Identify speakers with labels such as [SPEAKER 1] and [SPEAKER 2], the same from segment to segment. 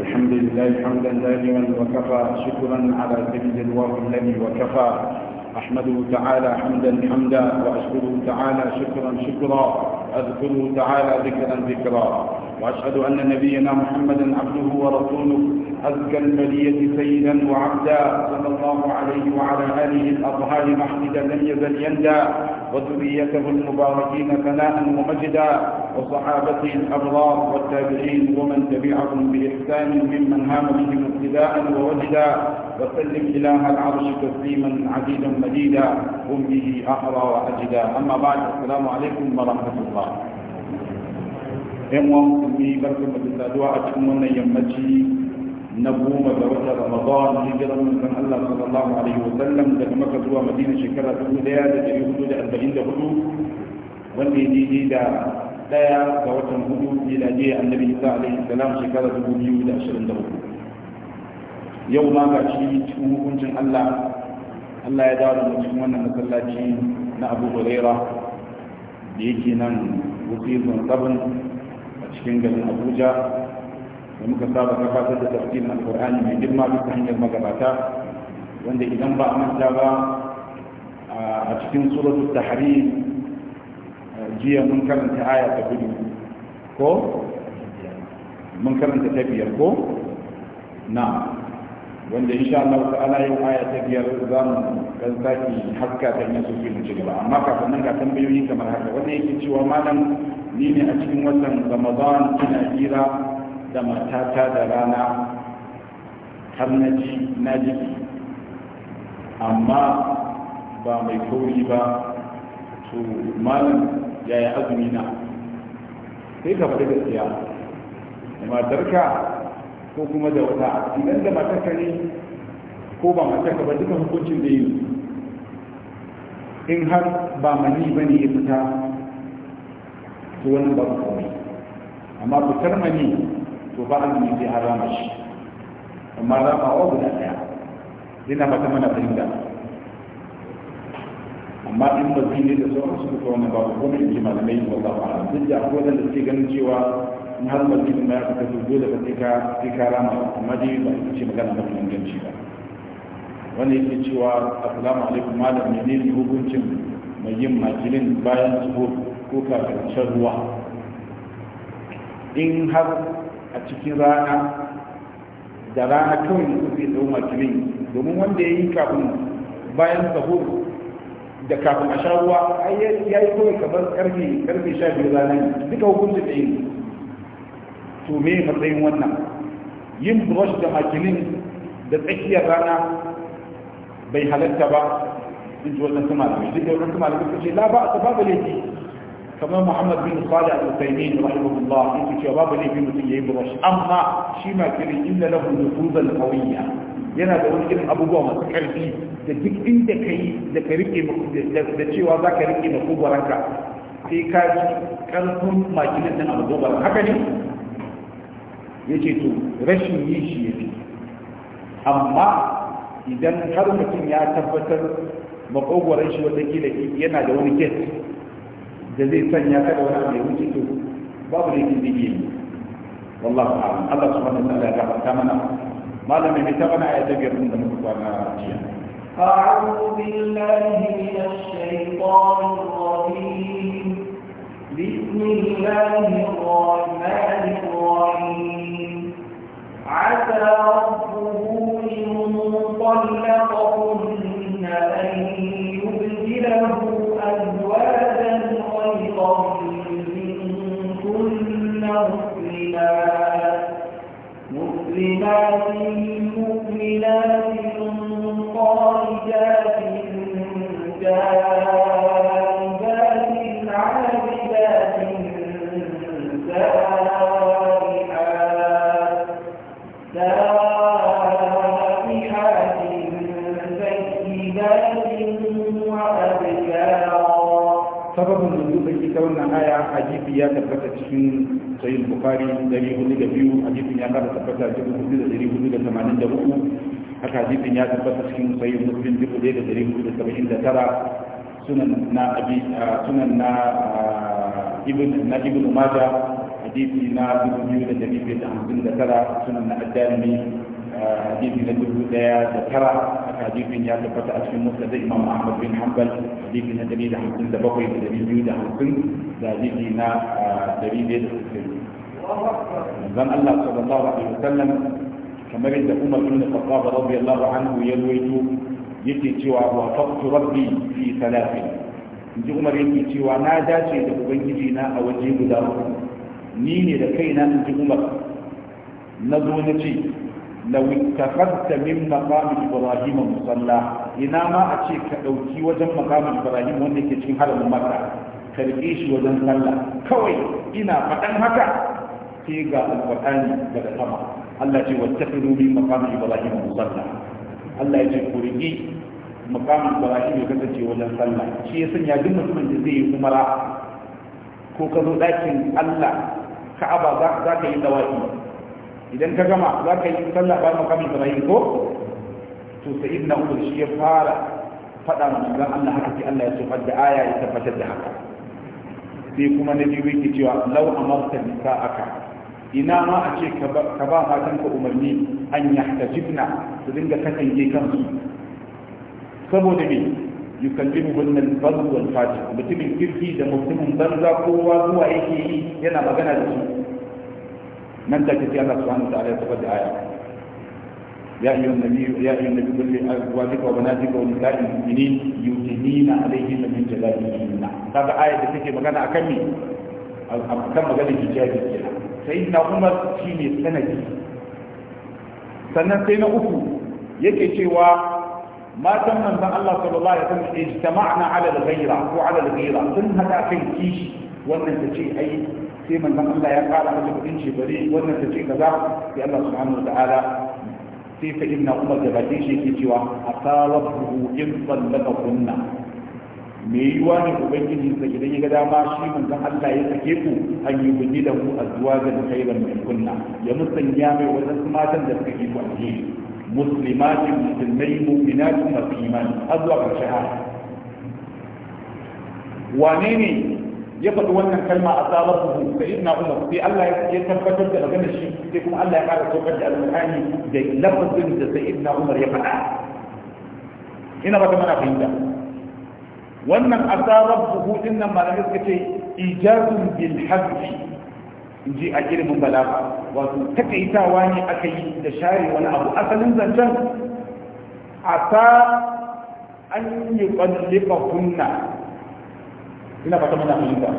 [SPEAKER 1] الحمد لله حمدا دائما وكفى شكرا على سيد الوفي الذي وكفى أحمده تعالى حمدا حمدا وأشكره تعالى شكرا شكرا أذكره تعالى ذكرا ذكرا وأشهد أن نبينا محمدا عبده ورسوله أزكى البرية سيدا وعبدا صلى الله عليه وعلى آله الأطهار محمدا لم يزل يندى وذريته المباركين ثناء ومجدا وصحابته الأبرار والتابعين ومن تبعهم بإحسان ممن هام بهم ابتداء ووجدا وسلم إله العرش تسليما عزيزا مديدا هم به أحرى وأجدا أما بعد السلام عليكم ورحمة الله ‘Yan uwan musulmi barkan da saduwa a cikin wannan yammaci na goma ga wata ramadan hijiran manzon Allah sallallahu alaihi wa sallam daga maka zuwa madina shekara 1444 wanda ya daidai da daya ga watan hudu miladiya annabi isa alaihi salam shekara 2023 yau ma ga shi cikin hukuncin Allah Allah ya dawo da cikin wannan masallaci na Abu Huraira da yake nan Wufizun Sabin a cikin garin Abuja da muka saba gabatar da tafsirin alkur'ani mai girma duka hanyar magabata wanda idan ba a manta ba a cikin suratul hari jiya mun karanta aya ta gudu ko mun karanta ta biyar ko na wanda insha Allah ta'ala yau aya ta biyar za mu dan saki haska ta yin sufi mu ci amma kafin nan ga tambayoyi kamar haka wanda yake cewa malam ni ne a cikin watan Ramadan ina jira da matata da rana har na ji na jiki amma ba mai kauri ba to malam yaya azumi na sai ka faɗi gaskiya da matarka ko kuma da wata idan da matarka ne ko ba matarka ba duka hukuncin da yi in har ba mani ba ne ya fita to wani ba komai amma fitar mani to ba azumi sai an rama shi amma a wabu da ɗaya na fata mana fahimta amma in ba zai ne da sauran su kuka wani babu ko in ji malamai ba za a duk da akwai wanda suke ganin cewa in har ba zai ma ya fita su dole ba sai ka ka rama amma dai ba ita ce magana mafi inganci ba Wani yake cewa assalamu alaikum malam ne hukuncin mai yin makilin bayan tsohon ko kafin shan ruwa in har a cikin rana da rana kawai da zai tsawo makilin domin wanda ya yi kafin bayan sahur da kafin a sha ruwa ya yi kawai kamar karfe karfe sha biyu rana duka hukunci da yin to me matsayin wannan yin brush da makilin da tsakiyar rana bai halatta ba in ji wannan su malamai duka wannan su malamai su ce la ba a babu laifi kamar muhammad bin salih al-usaimin rahimahullah yake cewa babu laifi mutum ya yayi brush amma shi ma kirin illa lahu nufuzan qawiyya yana da wani irin abubuwa masu karfi da duk inda kai da ka rike da cewa za ka rike da sai ka ji karfin makilin nan abu gobar haka ne ya ce to rashin yi shi ya fi amma idan har mutum ya tabbatar makogwaran shi wata kila yana da wani gate جزي سنة كذا ولا عندي وجي تو والله أعلم الله سبحانه وتعالى جعل كمنا ما لم يتبنى يتبير من دمك وانا رجيا
[SPEAKER 2] أعوذ بالله من الشيطان الرجيم بسم الله الرحمن الرحيم عسى ربه من إن طلقهن أن يبدله صالحات مؤمنات قانتات جائبات عابدات سائحات سائحات سيدات وأبكارا سبب نزول
[SPEAKER 1] الكتاب والنهاية عجيب يا تبركة الشمس sai bukari dari hudu da biyu hadisin ya kara tabbata dubu hudu da dari hudu da tamanin da uku haka hadisin ya tabbata cikin sai muslim dubu ɗaya da dari hudu da saba'in da tara sunan na abi sunan na ibn na ibn maja hadisi na dubu biyu da dari biyu da hamsin da tara sunan na addarimi hadisi na dubu daya da tara haka hadisin ya tabbata a cikin musa da imam ahmad bin hanbal hadisi na dari da hamsin da bakwai da dari biyu da hamsin da hadisi na dari biyu da sittin zan Allah sallallahu alaihi wasallam kamar yadda Umar ibn Khattab radiyallahu anhu ya ruwaito yake cewa wa faqtu rabbi fi salatin inji Umar yake cewa na dace da ubangiji na a waje guda ni ne da kaina inji Umar na zo na ce لو اتخذت من مقام ابراهيم مصلى ina ma a ce ka ɗauki wajen makamin ibrahim wanda ke cikin haramin maka karɓe shi wajen sallah kawai ina faɗan haka sai ga alƙur'ani daga sama Allah ce wattakhidhu min maqami ibrahim musalla Allah ya ce ku rigi maqami ibrahim ya kasance wajen sallah shi ya sanya duk mutumin zai yi umara ko ka ɗakin Allah ka'aba za ka yi dawaki idan ka gama za ka yi sallah bayan maqami ibrahim ko to sayyidina umar shi ya fara faɗa wa manzon Allah haka Allah ya da aya ya tabbatar da haka sai kuma na biyu yake cewa lau amarta aka. ina ma a ce ka ba matanka umarni an jibna su dinga katange kansu saboda me yukallimu wannan bazu wal mutumin kirki da mutumin banza kowa zuwa yake yi yana magana da su nan da take Allah subhanahu wa ta'ala ya tabbata aya يا أيها النبي يا أيها النبي قل لأزواجك وبناتك ونساء المؤمنين يدنين عليهن magana a kan آية a kan magana أكم مكان الحجاب كده sai na umar shi ne sanadi sannan sai na uku yake cewa matan manzan Allah sallallahu alaihi wasallam ijtama'na ala al-ghayra ko ala al-ghayra sun hada kai kishi wannan ta ce ai sai manzan Allah ya kara mata kudin ce bari wannan ta ce kaza sai Allah subhanahu wataala sai fa inna umar da bakin shi yake cewa asawahu in sallaka kunna me yiwa ne ubangiji sa idan ya ga dama shi manzon Allah ya sake ku an yi bidi da ku azwajan khairan min kunna ya musanya mai wadansu matan da suka yi ku alheri muslimatin musulmai mu'minatin masu imani har zuwa ƙarshen haka wane ne ya faɗi wannan kalma a tsabar su sai ibn umar sai Allah ya tabbatar da maganar shi sai kuma Allah ya ƙara saukar da alƙur'ani da lafazin da sai ibn umar ya faɗa ina ba ta mana fahimta wannan asarar buhu nan malamai suka ce ijazun bil hafi in ji a ilimin balaga wato takaitawa ne aka yi da share wani abu asalin zancen asa an yi kwallika kunna ina fata mana fahimta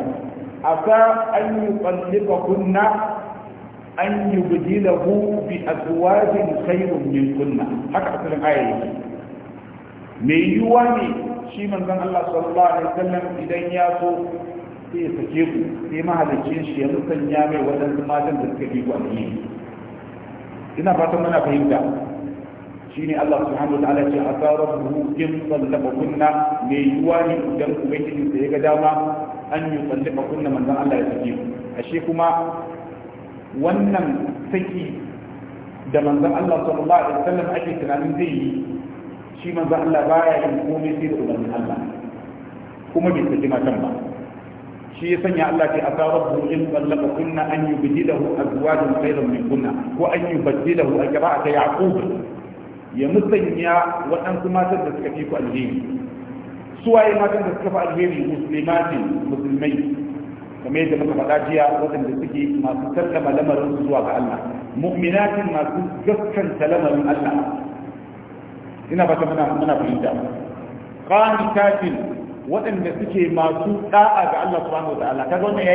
[SPEAKER 1] asa an yi kwallika kunna an yi bujilahu bi azwajin khairun min kunna haka asalin aya mai yiwuwa ne shi manzon Allah sallallahu alaihi wasallam idan ya zo sai ya sake ku sai mahalicin shi ya sanya mai wajen matan da suka biyu ne ina fatan muna fahimta shine Allah subhanahu ta'ala ya ce asa rabbuhu in sallaba kunna me yuwa ne idan ubangiji da ya ga dama an yi sallaba kunna manzon Allah ya sake ku ashe kuma wannan saki da manzon Allah sallallahu alaihi wasallam ake tunanin zai yi shi manzo Allah baya yin komai sai da umarnin Allah kuma bai saki matan ba shi ya sanya Allah ke asa rabbu in sallaka kunna an yubdilahu azwajan khayran min kunna ko an yubdilahu a qira'ata yaqub ya musanya waɗansu matan da suka fi ku alheri suwaye matan da suka fi alheri muslimatin musulmai kamar yadda muka faɗa jiya waɗanda suke masu sallama lamarin zuwa ga Allah mu'minatin masu gaskanta lamarin Allah ina ba ta muna fahimta qanitatin waɗanda suke masu da'a ga Allah subhanahu wa ta'ala kaga wannan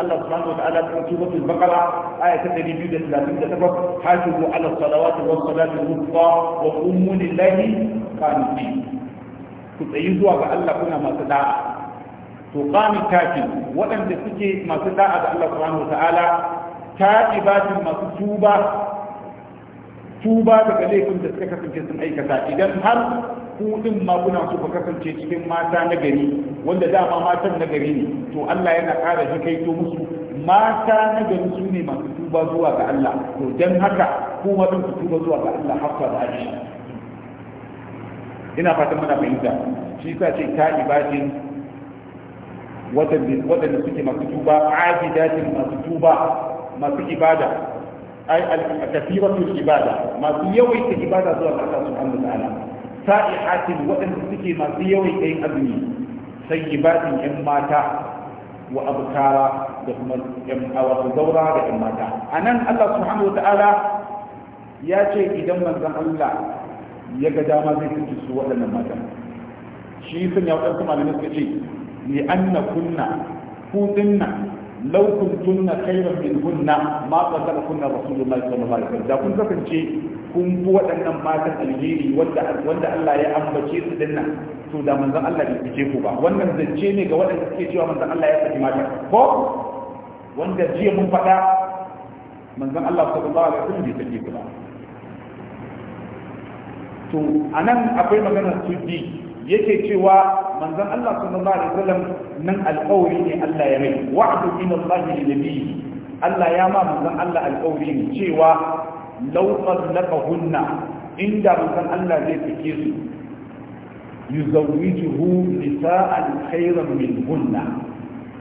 [SPEAKER 1] Allah subhanahu wa ta'ala cikin suratul baqara aya ta 238 ala salawati was salati wa lillahi ku tsayi zuwa ga Allah kuna masu ɗa'a. to qanitatin waɗanda suke masu ɗa'a ga Allah subhanahu wa ta'ala ta'ibatin masu tuba tuba daga laifin da suka kasance sun aikata idan har ku din ma kuna so ku kasance cikin mata na gari wanda dama matan na gari ne to Allah yana ƙara jikaito musu mata na gari su ne masu tuba zuwa ga Allah to dan haka ku ma ku tuba zuwa ga Allah hafsa da aji ina fatan muna fahimta shi yasa ce ta ibadin wadanda suke masu tuba ajidatin masu tuba masu ibada ai al-kathiratul ibada masu yawaita ibada zuwa ga Allah subhanahu wa ta'ala sa'ihatin waɗanda suke masu yawaita yin azumi sai ibadin yan mata wa abkara da kuma yan wato zaura da yan mata anan Allah subhanahu wa ya ce idan manzon Allah ya ga dama zai tuntu su waɗannan mata shi sun ya waɗansu malamai suka ce li anna kunna ku dinna law kuntunna khayran minhunna ma qatalakunna rasulullahi sallallahu alaihi wasallam da kun kasance kun fi waɗannan matan alheri wanda Allah ya ambace su dinnan to da manzon Allah bai fice ku ba wannan zance ne ga waɗanda suke cewa manzon Allah ya saki mata ko wanda jiya mun faɗa manzon Allah sallallahu alaihi wasallam bai saki ku ba to anan akwai maganar sudi yake cewa manzon Allah sallallahu alaihi wasallam nan alƙawari ne Allah ya mai wa'du min Allah li nabiyyi Allah ya ma manzon Allah alƙawari ne cewa law qadlaqahunna inda manzon Allah zai fike su yuzawwijuhu nisa'an khayran minhunna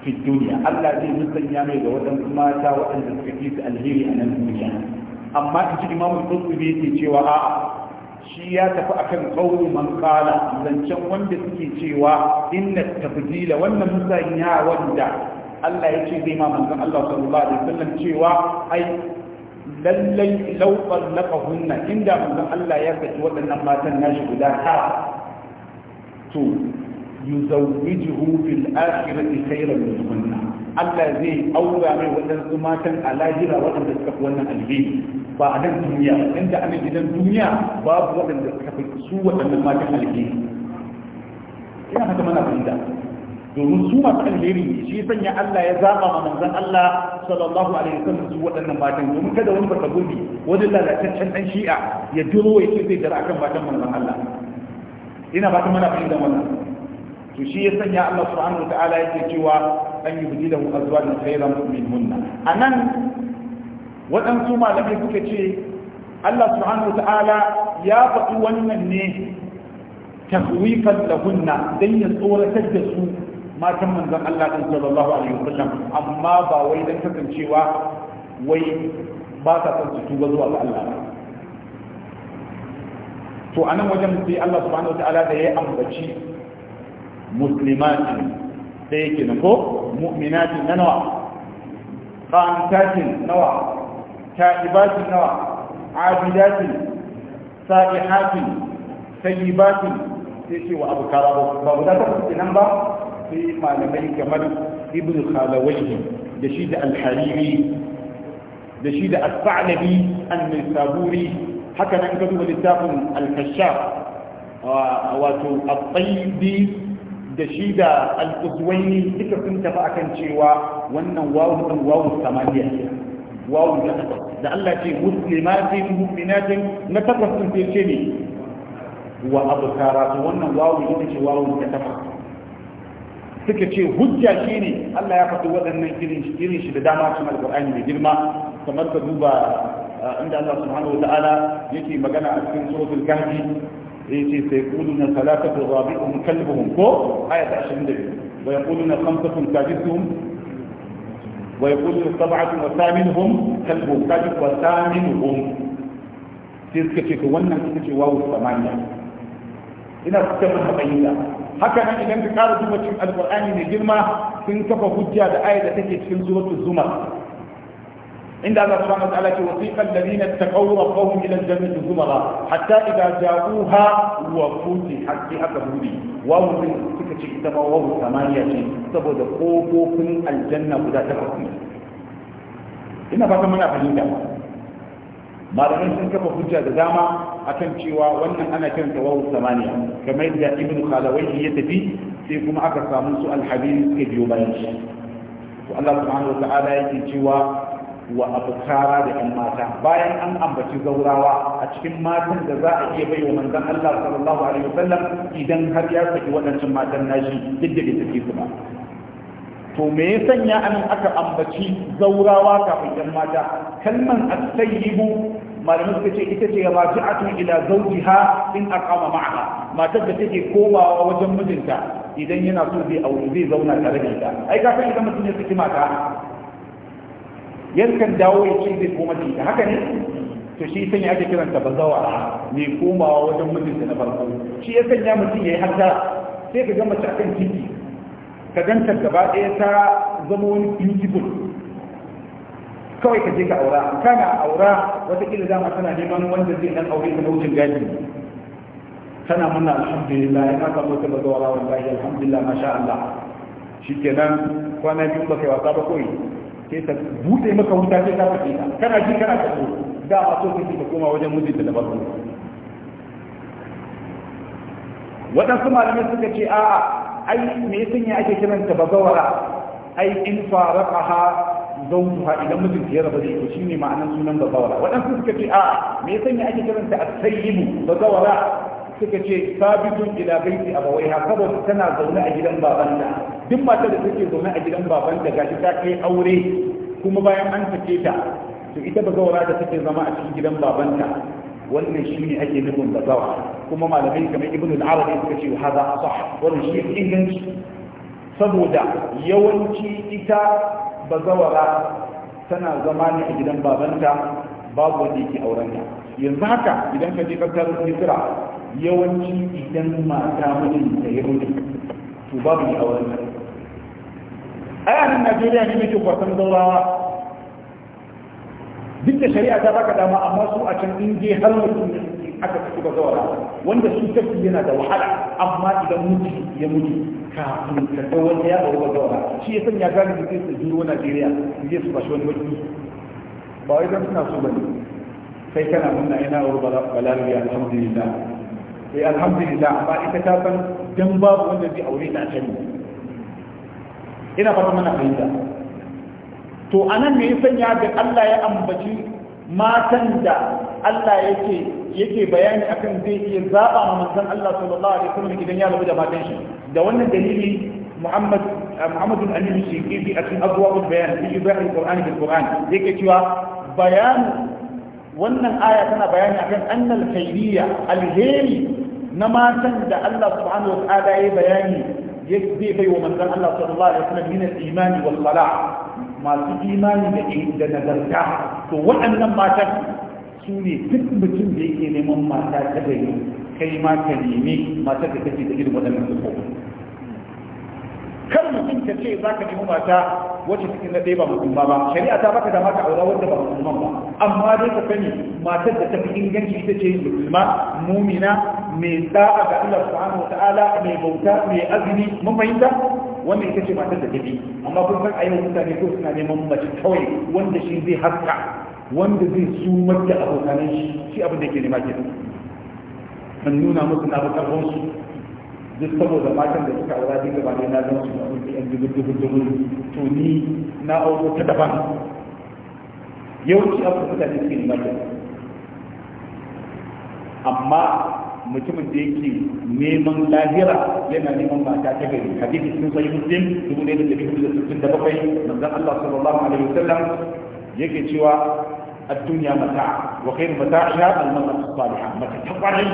[SPEAKER 1] fi dunya Allah zai musanya mai da waɗansu mata waɗanda suka fi su alheri a nan duniya amma in ji imamu tsuntsubi yake cewa a'a shi ya tafi akan qawli man qala zancen wanda suke cewa inna tafdila wannan musanya wanda Allah ya ce zai ma manzon Allah sallallahu alaihi wasallam cewa ai lallai law qallaqahunna inda manzon Allah ya gaji waɗannan matan nashi guda ta to yuzawwijuhu fil akhirati khayran minhunna Allah zai aura mai waɗansu matan a lahira waɗanda suka fi wannan alheri ba a nan duniya inda a nan gidan duniya babu waɗanda suka fi su ma ta alheri ina haka mana fahimta domin su masu alheri ne shi sanya Allah ya zaba ma manzon Allah sallallahu alaihi wasallam su waɗannan matan domin kada wani baka gurbi wani lalataccen dan shi'a ya duro ya ce zai dara akan matan manzon Allah ina ba ta mana fahimta wannan to shi ya sanya Allah subhanahu wa ta'ala yake cewa an yubdilahu azwajan khayran minhunna anan waɗansu malamai suka ce Allah subhanahu ta'ala ya faɗi wannan ne tahwifan lahunna dan ya tsoratar da su matan manzon Allah din sallallahu alaihi wasallam amma ba wai dan kasancewa wai ba sa san su tuba zuwa ga Allah to anan wajen sai Allah subhanahu ta'ala da ya ambaci muslimatin da yake ko mu'minatin na nawa qantatin nawa تائبات نوع عابدات سائحات سيبات تيشي وأبكار أبو بابو تنبا في ما لمي كمال ابن خالويه دشيد الحريري دشيد الثعلبي النسابوري haka nan ka duba littafin alkashaf wato al-tsaidi da shi da al-qudwaini duka sun tafi akan cewa wannan samaniya da Allah ce muslimatin mu'minatin na takwas sun ce ne wa abu abukara to wannan wawu ita ce wawu ta takwas suka ce hujja shi Allah ya faɗi waɗannan irin shi da dama cikin alƙur'ani mai girma kamar ka duba uh, inda Allah subhanahu wata'ala yake magana a cikin suratul kahfi yace sai quluna salatatu rabi'uhum kalbuhum ko ayat 22 wa yaquluna khamsatun kadithuhum ويقول سبعة وثامنهم كلب كلب وثامنهم تلك تلك وانا تلك واو الثمانية إلى كتابة بعيدة هكذا إذا أنت قال جملة القرآن من جرمة تنكف حجة آية تكي في سورة الزمر عند الله سبحانه وتعالى وثيق الذين اتقوا ربهم إلى الجنة زمرا حتى إذا جاءوها وفتحت بها كبودي واو suka ce ita ma wahu samaniya ce saboda ƙofofin aljanna guda takwas ne ina fata muna fahimta ba, malamai sun kafa hujja da dama akan cewa wannan ana kiranta wawu samaniya kamar yadda ibnu khalawai ya tafi sai kuma aka samu su alhabiri suka biyo bayan shi to Allah subhanahu wa ta'ala yake cewa wa abukara da yan mata bayan an ambaci zaurawa a cikin matan da za a iya bai wa Allah sallallahu alaihi wasallam idan har ya saki waɗancan matan nashi duk da bai su ba to me ya sanya anan aka ambaci zaurawa kafin yan mata kalman at-tayyibu malamin suka ce ita ce raji'atun ila zawjiha in aqama ma'aha matar da take komawa wajen mijinta idan yana so zai aure zai zauna tare da ita ai ka san idan mutum ya saki mata yankan dawo ya ce zai koma cikin haka ne to shi sanya ake kiranta ba bazawa mai komawa wajen mijinta na farko shi ya sanya mutum ya yi hatta sai ka gama mace akan titi ka ganta gaba ɗaya ta zama wani beautiful kawai ka je ka aura kana aura watakila dama tana neman wanda zai dan aure ta wucin gaji tana muna alhamdulillah ya kasa mota ba zuwa alhamdulillah masha Allah shikenan kwana biyu ba kai wasa ba koyi sai ta bude maka wuta sai ta fake ta kana ji kana ka so da a so kake ka koma wajen mijinta da babu waɗansu malamai suka ce a'a ai me yasan ya ake kiran kiranta bagawara ai in ha zautuha idan mijinta ya raba da ita shine ma'anar sunan bazawara waɗansu suka ce a me yasa ne ake kiran kiranta at-sayyibu bazawara suka ce sabitun ila baiti abawaiha saboda tana zaune a gidan babanta duk matar da take zaune a gidan babanta gashi ta kai aure kuma bayan an sake ta to ita bazawara da take zama a cikin gidan babanta wannan shi ne ake nufin da zawa, kuma malamai kamar ibnu al-arabi suka ce hada asah wannan shi inganci saboda yawanci ita bazawara tana zama ne a gidan babanta babu wanda yake aurenta yanzu haka idan ka je kasar misira yawanci idan mata mijin da ya mutu to babu ya aure ai a nan Najeriya ne muke kwasan zaurawa duk da shari'a ta baka dama amma su a can in je har mutum da aka ci gaba zawara wanda su tafi yana da wahala amma idan mutum ya mutu kafin ka ga wanda ya aure zawara shi ya sanya gani da kai su juro Najeriya je su bashi wani wani ba wai dan suna so ba ne. sai kana muna ina aure balariya alhamdulillah eh alhamdulillah amma ita ta san dan babu wanda zai aure ta can ina fata mana fahimta to anan me yasan ya ga Allah ya ambaci matan da Allah yake yake bayani akan zai iya zaba ma manzon Allah sallallahu alaihi wasallam idan ya rabu da matan shi da wannan dalili Muhammad eh, Muhammad al-Amin bi a cikin abwaabul bayan fi ibahil Qur'ani bil Qur'an yake cewa bayan wannan aya tana bayani akan annal khairiyya alheri na matan da Allah subhanahu wa ta'ala ya bayani zai bai wa manzon Allah sallallahu alaihi wasallam min al imani wal salah masu imani da da nagarta to waɗannan matan su ne duk mutum da yake neman mata ta gari kai ma ka nemi mata da take da irin waɗannan sifofi kar mutum ka ce za ka nemi mata wacce take na ɗaya ba musulma ba shari'a ta baka dama ka aura wanda ba musulman ba amma dai ka sani matar da ta fi inganci ita ce musulma mumina mai da'a ga Allah subhanahu wata'ala mai bauta mai azumi mun fahimta wannan ita ce matar da ta amma kun san a yau mutane ko suna neman mace kawai wanda shi zai haska wanda zai sumar da abokanan shi shi abin da ke nema kenan an nuna musu na bakar su duk saboda matan da suka aura duk gaba na zan su abin da yan dubu-dubu-dubu. to ni na auro ta daban yawanci abin da mutane suke nema kenan amma mutumin da yake neman lahira yana neman mata ta gari hadisi sun sai muslim dubu ɗaya da dubu da sittin da bakwai manzon Allah sallallahu alaihi wasallam yake cewa addunya mata wa kai mata ya almanar saliha mata ta kwarai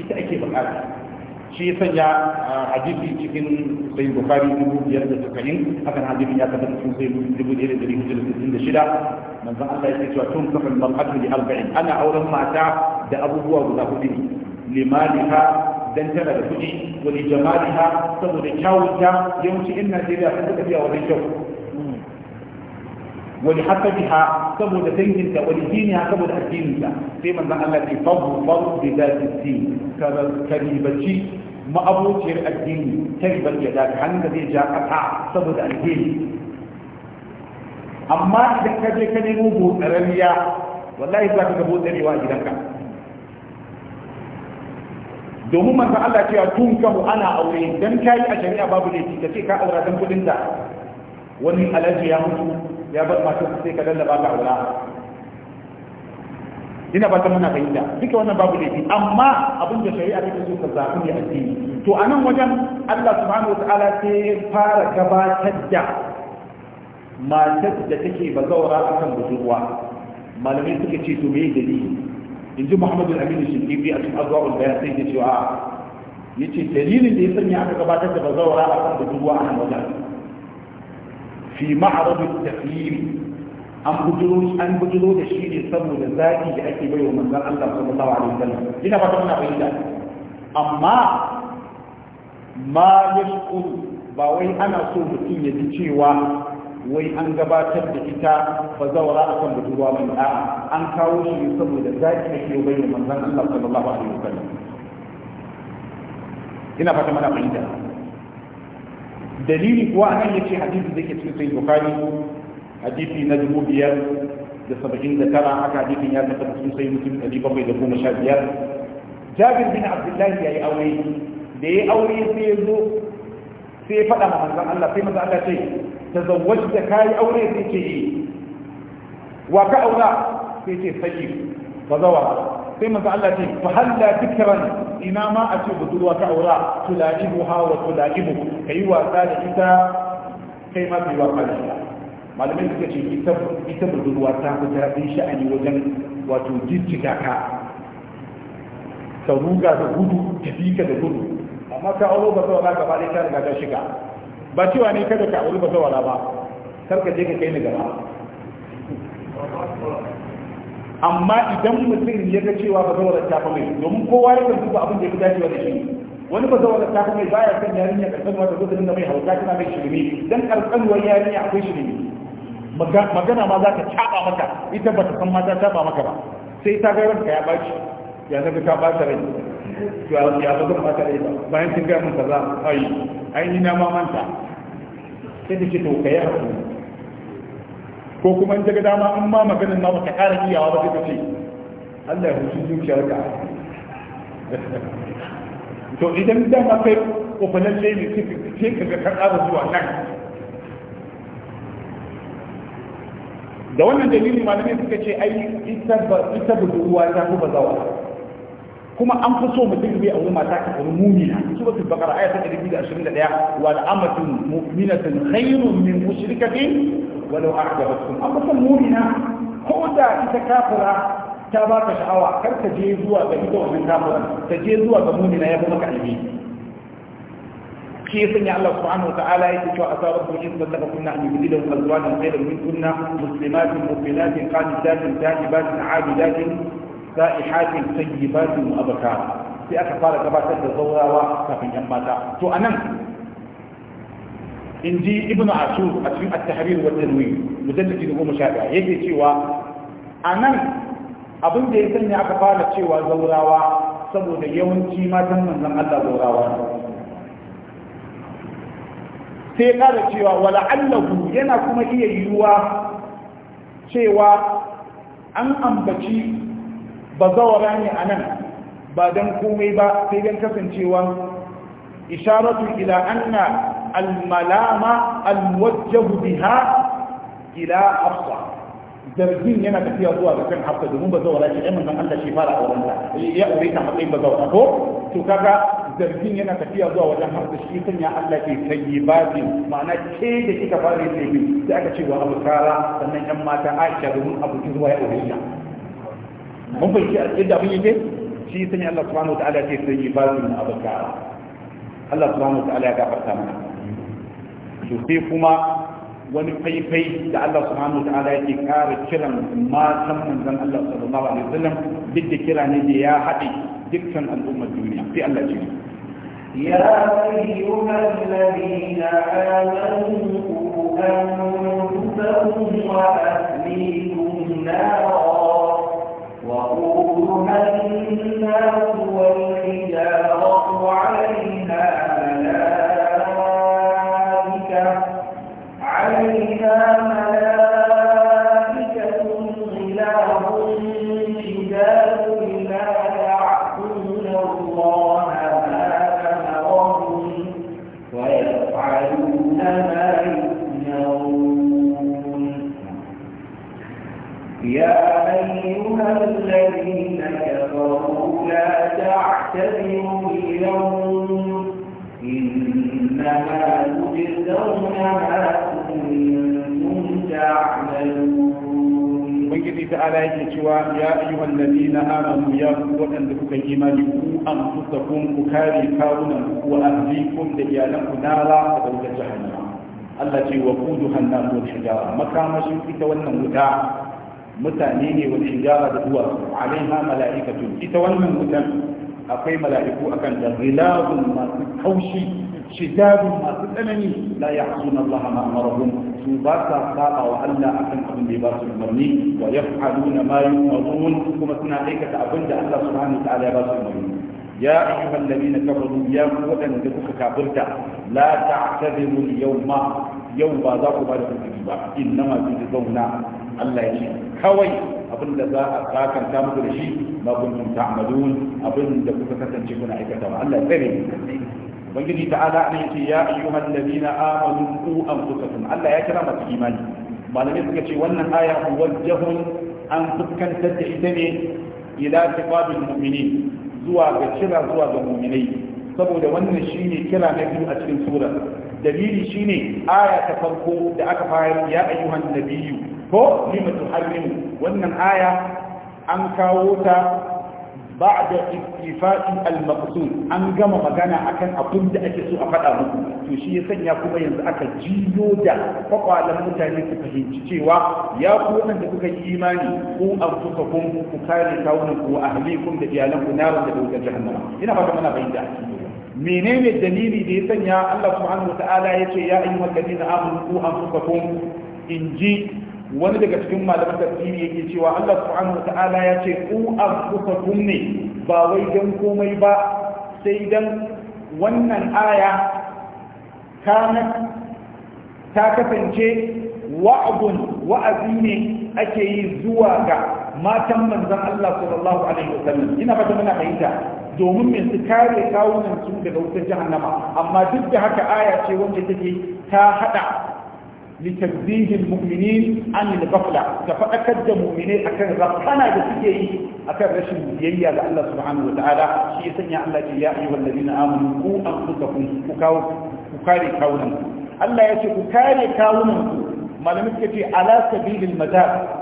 [SPEAKER 1] ita ake bukata shi sanya hadisi cikin sai bukari dubu biyar da hakan hadisi ya tabbata sun sai dubu ɗaya da dubu da sittin da shida manzon Allah yake cewa tun kafin mamadu da alba'in ana auren mata da abubuwa guda hudu ne limaliha dan tana da kuɗi wani jamaliha saboda kyawun ta yawanci in najeriya sun suka biya wajen kyau wani hasabiha saboda danginta wani diniya saboda addininta sai manzon Allah ya fadu fadu bi zati din karibaci ma'abociyar addini ta ribar ya daga hannun da zai ja ƙasa saboda addini amma idan ka je ka nemo botsarariya wallahi za ka ga botsarewa a gidanka domin manzo Allah ya tun kahu ana aure dan kai a shari'a babu ne ka ce ka aura dan kudin da wani alaji ya mutu ya bar matar sai ka ba ka aura ina ba ta muna fahimta duka wannan babu laifi amma abin da shari'a take so ka zaɓi ne addini to a nan wajen Allah subhanahu wa ta'ala sai fara gabatar da matar da take bazaura akan budurwa malamai suka ce to meye dalili in ji muhammadu aminu shinkifi a cikin azuwa ulbaya sai ke cewa ya ce dalilin da ya sanya aka gabatar da bazawara a kan budurwa a nan wajen fi ma'arabin tafiri an buduro an buduro da shi ne saboda zaki da ake bai wa manzon Allah sallallahu alaihi wasallam ina fata muna fahimta amma ma yashkur ba wai ana so mutum ya ji cewa wai an gabatar da ita ba zaura a kan budurwa mai a'a an kawo shi ne saboda zaki da ke bayyana manzon Allah sallallahu alaihi wa sallam. ina fata mana fahimta dalili kuwa anan yace hadisi da ke cikin sahih bukhari hadisi na dubu biyar da saba'in da tara haka hadisin ya tabbata cikin sahih muslim ɗari bakwai da goma sha biyar jabir bin abdullahi ya yi aure da ya yi aure sai ya zo sai ya faɗa ma manzon Allah sai manzon Allah ce tazawwajta kai aure sai ce yi wa ka aura sai ce ba zawa sai manzo Allah ce fa halla fikran ina ma a ce budurwa ka aura tula'ibuha wa tula'ibu kai wasa da ita kai ma kai wasa da ita malamai suka ce ita budurwa ta fi daɗin sha'ani wajen wato jijjiga ka ka ruga da gudu ka bi ka da gudu amma ka aure ba zuwa ka ba ta riga ta shiga ba cewa ne kada ka auri bazawara ba kar ka je ka kai ni gaba amma idan mutum ya ga cewa bazawara ta fa mai domin kowa ya kan duba abin da ya fi dacewa da shi wani bazawara ta fa mai baya kan yarinya karkanuwa ta zo ta dinga mai hauka tana mai shirme dan karkanuwar yarinya akwai shirme magana ma za ka caba maka ita ba ta san ma ta caba maka ba sai ta ga ranka ya baci ya zaga ka ta rai to ya ba zan fata da ita bayan kin ga mun kaza ai ai ni na ma manta sai da ke to kai hakuri ko kuma in daga dama in ma maganin ma baka ƙara iyawa ba sai ka ce Allah ya hutu zuciyarka to idan dama kai kofanan lemi sai ka ga kan ƙara zuwa nan da wannan dalilin malamai suka ce ai ita ba ita budurwa ta ku bazawa kuma an fi so mutum bai auri mata ka auri mumina suratul baqara aya ta 221 wal amatun mu'minatun khayrun min mushrikatin walau an amma san mumina ko da ita kafira ta ka sha'awa kar ka je zuwa ga ita wannan kafira ta je zuwa ga mumina ya fi maka alheri Ke sanya Allah subhanahu wa ta'ala yake cewa asabakum in sadaqakunna an yubdilahu azwajan khayran minkunna muslimatin mu'minatin qanitatin ta'ibatin 'abidatin sa'ihatin tayyibatin wa abka sai aka fara gabatar da zaurawa kafin yan mata to anan in ji ibnu ashur a cikin at-tahrir wa tanwir mujalladi 11 yake cewa anan abin da ya sanya aka fara cewa zaurawa saboda yawanci matan manzon Allah zaurawa sai ƙara cewa wala allahu yana kuma iya yiwuwa cewa an ambaci ba zawara rani a nan ba don komai ba sai don kasancewa isharatu ila anna almalama almuwajjahu biha ila hafsa zargin yana tafiya zuwa ga kan hafsa domin ba zawara ce ɗan manzon Allah shi fara auren ta ya aure ta matsayin ba zawara ko to kaga zargin yana tafiya zuwa wajen hafsa shi sanya Allah ke sanyi babin ma'ana ke da kika fara yin sai aka ce wa abu kara sannan yan mata Aisha domin abu zuwa ya aure ta mun fahimci yadda abin yake shi sanya Allah subhanahu wa ta'ala ce sai yi bazu min abaka Allah subhanahu wa ta'ala ya gafarta mana to sai kuma wani faifai da Allah subhanahu wa ta'ala yake kara kiran matan manzon Allah sallallahu alaihi wasallam duk da kira ne da ya haɗe dukkan al'ummar duniya sai Allah ce
[SPEAKER 2] يا أيها الذين آمنوا أنفسكم وأهليكم نارا وقودها الناس والحجارة عليها
[SPEAKER 1] Ubangiji ta ala yake cewa ya ayyuhan ladina amanu ya waɗanda kuka yi imani ku an fusakun ku kare kawunan ku a ahlikum da iyalan ku nara da wutar jahannama Allah ce wa kudu hannan wal hijara makamashin ita wannan wuta mutane ne wal hijara da duwa alaiha mala'ikatun ita wannan wutan akwai mala'iku akan da ghilabun masu kaushi شداد ما تتنني لا يعصون الله ما أمرهم سوباتا خاطا وألا أكن أبن لباس المرني ويفعلون ما يؤمرون كما سنا عليك تأبند الله سبحانه وتعالى باس المرني يا أيها الذين كفروا يا قوة لكم كابرتا لا تعتذروا اليوم يوم ذاك بعد الكتاب إنما تجزون الله يشهد كوي abin da za a sakanta muku da shi ma kuntum ta'malun abin da kuka kasance kuna aikata Allah ya tsare ubangiji ta'ala ne yake ya ayyuhal ladina amanu qu anfusakum Allah ya kira masu imani malamai suka ce wannan aya muwajjahun an fuskantar da ita ne ila tifabil mu'minin zuwa ga kira zuwa ga mu'minai saboda wannan shine kira na biyu a cikin sura dalili shine aya ta farko da aka fara ya ayyuhan nabiyyu ko lima tuharrimu wannan aya an kawo ta بعد اكتفاء almakasun an gama magana akan abin da ake so a faɗa muku to shi ya sanya kuma yanzu aka jiyo da kwakwalan mutane su fahimci cewa ya ku waɗanda kuka yi imani ko an kuka kun ku kare kawunan ku ahlikum da iyalan ku narin da wutar jahannama ina fata muna fahimta menene dalili da ya sanya Allah subhanahu wa ta'ala yace ya ayyuhal ladina amanu ku anfusakum ji? wani daga cikin malaman tafsiri yake cewa Allah subhanahu wata'ala ya ce ku anfusakum ne ba wai dan komai ba sai dan wannan aya kana ta kasance wa'abun wa'azi ne ake yi zuwa ga matan manzon Allah sallallahu alaihi wasallam ina fata muna fahimta domin me su kare kawunan su daga wutar jahannama amma duk da haka aya ce wanda take ta hada لتنزيه المؤمنين عن الغفلة كفأكد مؤمنين أكن ربنا بسيئي أكن رشم يلي على الله سبحانه وتعالى شيء سنع الله يا أيها الذين آمنوا قوا أنفسكم كاري كونكم Allah ya ce ku kare kawunanku malamai suka ce ala sabilin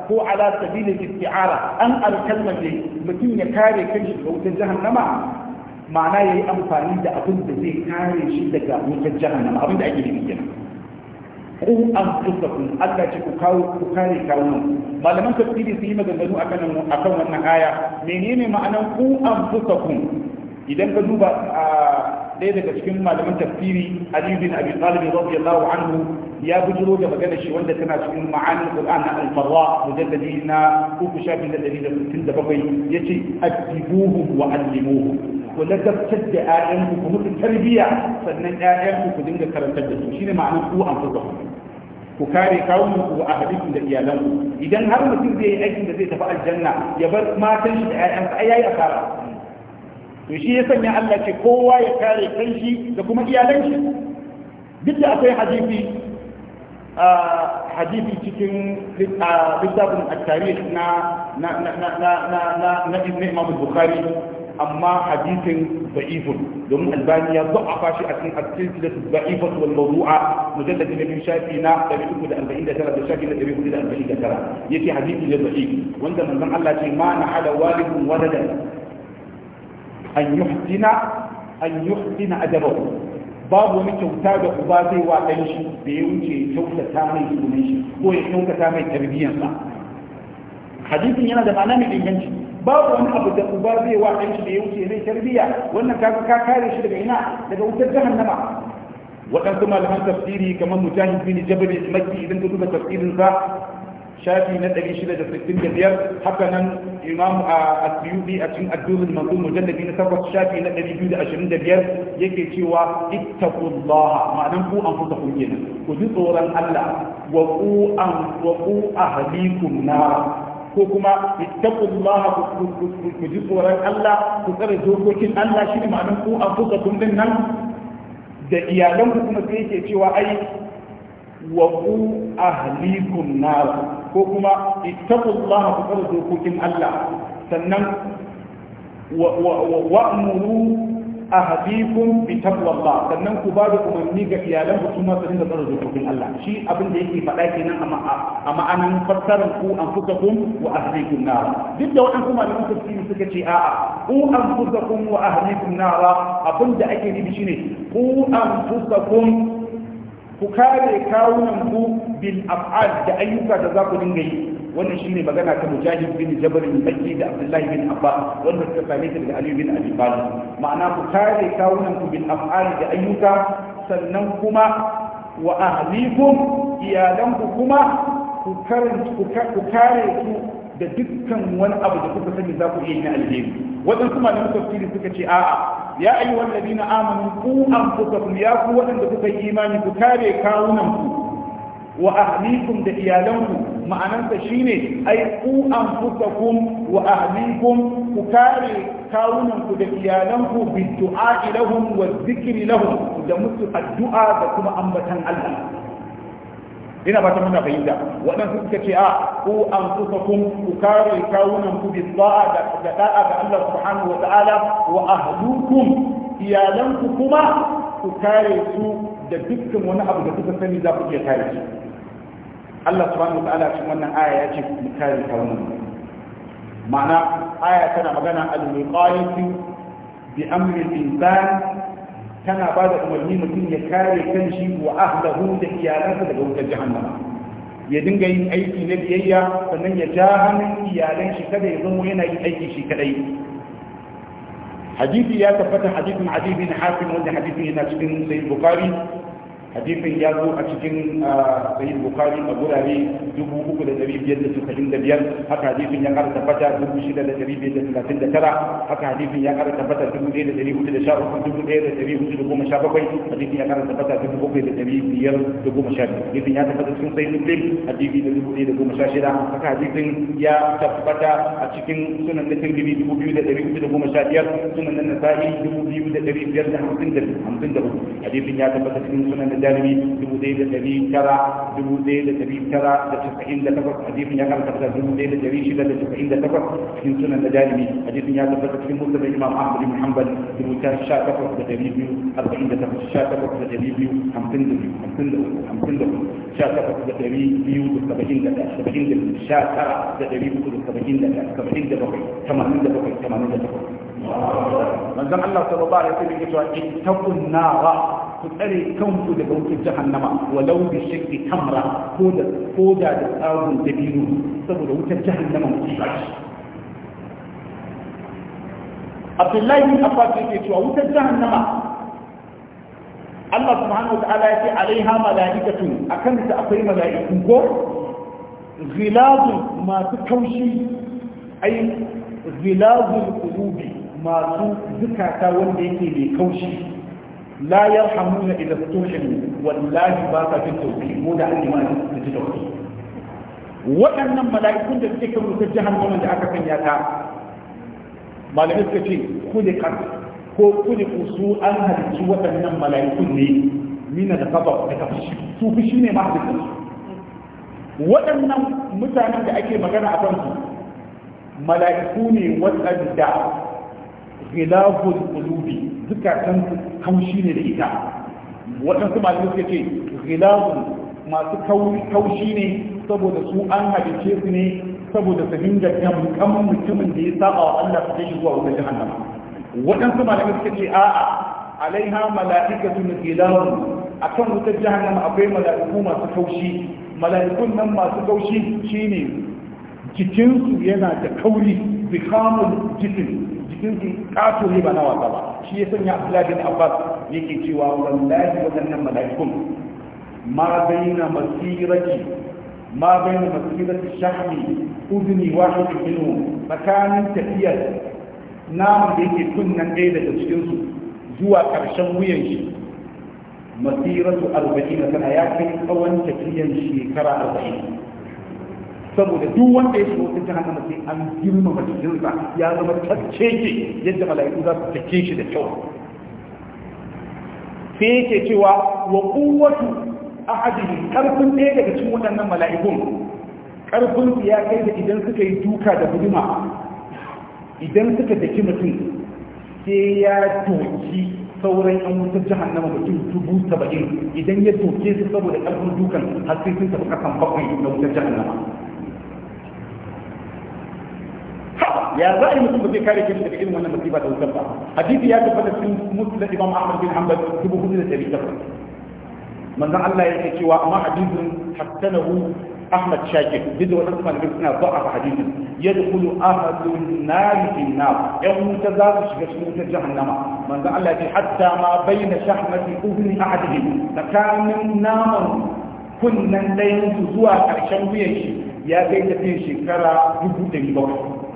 [SPEAKER 1] ko ala sabilin an alkalmar ne mutum ya kare kanshi daga wutar jahannama mana ya yi amfani da abin da zai kare shi daga wutar jahannama abin da ake nufi ku anfusakum Allah ce ku kawo ku kare kawunan malaman tafsiri sun yi maganganu akan akan wannan aya menene ma'anar ku anfusakum idan ka duba a ɗaya daga cikin malaman tafsiri Ali bin Abi Talib radiyallahu anhu ya bujiro da magana shi wanda tana cikin ma'anar Qur'an na al-Farra mujalladi na 367 yace adibuhum wa allimuhum ku ladabtar da 'ya'yanku ku mutu tarbiyya sannan 'ya'yanku ku dinga karantar da su shine ma'anar ku an fuka ku kare kawun a hadisin da iyalanku idan har mutum zai yi aikin da zai tafi aljanna ya bar matan shi da ƴaƴansa ai yi asara to shi ya sanya Allah ce kowa ya kare kanshi da kuma iyalan shi duk da akwai hadisi hadisi cikin littafin at na na na na na na Bukhari amma hadisin da'ifun domin albani ya za'afa shi a cikin as-silsilatu su wal mawdu'a mujallad na biyu shafi na 349 da shafi na 449 yake hadisi ne da'if wanda manzon Allah ce ma na hada walidun waladan an yuhsina an yuhsina adabahu babu wani kyauta da uba zai wa ɗan shi da ya wuce kyautata mai sunan shi ko ya kyautata mai tarbiyyarsa hadisin yana da mana mai inganci babu wani abu da uba zai wa ɗan da ya wuce zai tarbiyya wannan kaga ka kare shi daga ina daga wutar jahannama waɗansu malaman tafsiri kamar mujahid bin jabal al-makki idan ka duba tafsirin sa shafi na 665 haka nan imam a asyubi a cikin addurul mansur mujallabi na takwas shafi na 225 yake cewa ittaqullaha ma'anan ku an fusa kun kenan ku ji tsoron Allah wa ku an wa ku ahlikum nar ko kuma ittaqullaha ku ji tsoron Allah ku tsare dokokin Allah shine ma'anar ku anfusakum din nan da iyalan ku kuma sai yake cewa ai wa ku ahlikum nar ko kuma ittaqullaha ku tsare dokokin Allah sannan wa wa wa A ahdikum bi taqwallah sannan ku ba da umarni ga iyalan ku kuma su dinga tsaro dokokin Allah shi abin da yake faɗa kenan a ma'anan fassarar ku anfusakum wa ahlikum nar duk da waɗansu kuma da suka ce a'a ku anfusakum wa ahlikum nar abin da ake nufi shine ku an anfusakum ku kare kawunan ku bil af'al da ayyuka da za ku dinga yi wannan shi ne magana ta mujahid bin jabr bin da abdullahi bin abba wanda suka same ta daga ali bin abi talib ma'ana ku kare kawunan ku bil af'ali da ayyuka sannan kuma wa ahlikum iyalanku kuma ku kare ku da dukkan wani abu da kuka sani za ku iya yi na kuma da malamin fili suka ce a'a ya ayyuhan ladina amanu ku anfusakum ya ku waɗanda kuka yi imani ku kare kawunan ku wa ahlikum da iyalanku ma'anansa shine ai ku anfusakum wa ahlikum ku kare kawunanku da iyalanku bi du'a lahum wa dhikri lahum da musu addu'a da kuma ambatan Allah ina ba ta muna fahimta waɗansu suka ce a ku anfusakum ku kare kawunanku bi da da'a ga Allah subhanahu wa ta'ala wa ahlukum iyalanku kuma ku kare su da dukkan wani abu da kuka sani za ku iya kare shi Allah subhanahu wa ta'ala cikin wannan aya ya ce mu kare ta ma'ana aya tana magana al-wiqayatu bi amri al-insan tana ba da umarni mutum ya kare kanshi wa ahlahu da iyalansa daga wutar jahannama ya dinga yin aiki na biyayya sannan ya ja hannun iyalan shi kada ya zama yana yin aiki shi kadai hadisi ya tabbata hadisin adi na hafi wanda hadisin yana cikin sayyid bukhari hadisin ya zo a cikin ah, sahih bukhari a gurare dubu uku da dari biyar da tukalin da biyar haka hadisin ya kara tabbata dubu shida da dari biyar da talatin da tara haka hadisin ya kara tabbata dubu ɗaya da dari hudu da sha uku dubu ɗaya da dari hudu da goma sha bakwai hadisin ya kara tabbata dubu uku da dari biyar da goma sha biyu hadisin ya tabbata cikin sahih muslim hadisi da dubu ɗaya da goma sha shida haka hadisin ya tabbata a cikin sunan na tirmidhi dubu biyu da dari hudu da goma sha biyar sunan na nasa'i dubu biyu da dari biyar da hamsin da hamsin da uku hadisin ya tabbata cikin sunan na darmi dubu ɗaya da ɗari tara dubu ɗaya da ɗari tara da casa'in da takwas hadisin ya karanta da dubu ɗaya da ɗari shida da casa'in da takwas cikin sunan da darmi hadisin ya tabbata cikin musulun imam ahmad muhammad dubu ta sha takwas da ɗari biyu arba'in da takwas sha takwas da ɗari biyu hamsin da biyu hamsin da uku hamsin da uku sha takwas da ɗari biyu da saba'in da ɗaya saba'in da biyu sha tara da ɗari uku da saba'in da ɗaya saba'in da bakwai tamanin da bakwai tamanin da takwas. manzon Allah sallallahu alaihi wasallam yake cewa ittaqun nara ku tsare kanku daga wutar jahannama walau bi shakki tamra ko da ko da da tsagun dabino saboda wutar jahannama musiba ce Abdullahi bin Abbas yake cewa wutar jahannama Allah subhanahu wataala ya ce alaiha mala'ikatu akan ta akwai mala'iku ko ghilazun masu kaushi ai ghilazul qulubi masu zukata wanda yake mai kaushi la yarhamuna idza tuhim wallahi ba sa jin tausayi mu da Allah ma da ji tausayi waɗannan mala'ikun da suke kan wutar jahannama da aka sanya ta malamai suka ce kulikat ko kuliku su an halicci waɗannan mala'ikun ne mina da kafa da shi. su shi ne ma halittar waɗannan mutanen da ake magana a kansu mala'iku ne waɗanda gilaful qulubi zukatan kaushi ne da ita waɗansu malamai suka ce gilafun masu kaushi ne saboda su an hadice su ne saboda su dinga damkan mutumin da ya saba wa Allah su shi zuwa wutar jahannama waɗansu malamai suka ce a'a alaiha mala'ikatun gilafun akan wutar jahannama akwai mala'iku masu kaushi mala'ikun nan masu kaushi shine jikinsu yana da kauri bikamul jikin jikinsu kato ne ba na wasa ba shi ya sanya abdullahi bin abbas yake cewa wallahi wadannan mala'ikun ma baina masirati ma baina masirati shahmi udni wahid minhu tsakanin tafiyar namun da yake kunnan ɗaya daga cikinsu zuwa ƙarshen wuyan shi masiratu arba'ina tana ya kai tsawon tafiyar shekara arba'in saboda duk wanda ya shigo cikin jahannama sai an girmama jikinsa ya zama tacce yadda mala'iku za su tacce shi da kyau sai yake cewa wa kuwatu ahadin karfin ɗaya daga cikin waɗannan mala'ikun karfin su ya kai da idan suka yi duka da guduma idan suka daki mutum sai ya doki sauran yan wutar jahannama mutum dubu saba'in idan ya doke su saboda karfin dukan har sai sun tafi kasan bakwai na wutar jahannama ya zai mutum ba zai kare kanshi daga irin wannan musiba da wutar ba hadisi ya tabbata cikin da imam ahmad bin hanbal dubu hudu da ɗari takwas manzon Allah yake cewa amma hadisin ahmad shakir wannan kuma da suna hassanahu أحمد شاكر بدو نسمع لبسنا ضعف حديث يدخل أحد النار في النار يوم تزارش بشموت جهنم من ذا الذي حتى ما بين شحمة أذن أحدهم فكان من نام كنا لين تزوى كرشان ويشي يا بيت في شكرا يبوت البوت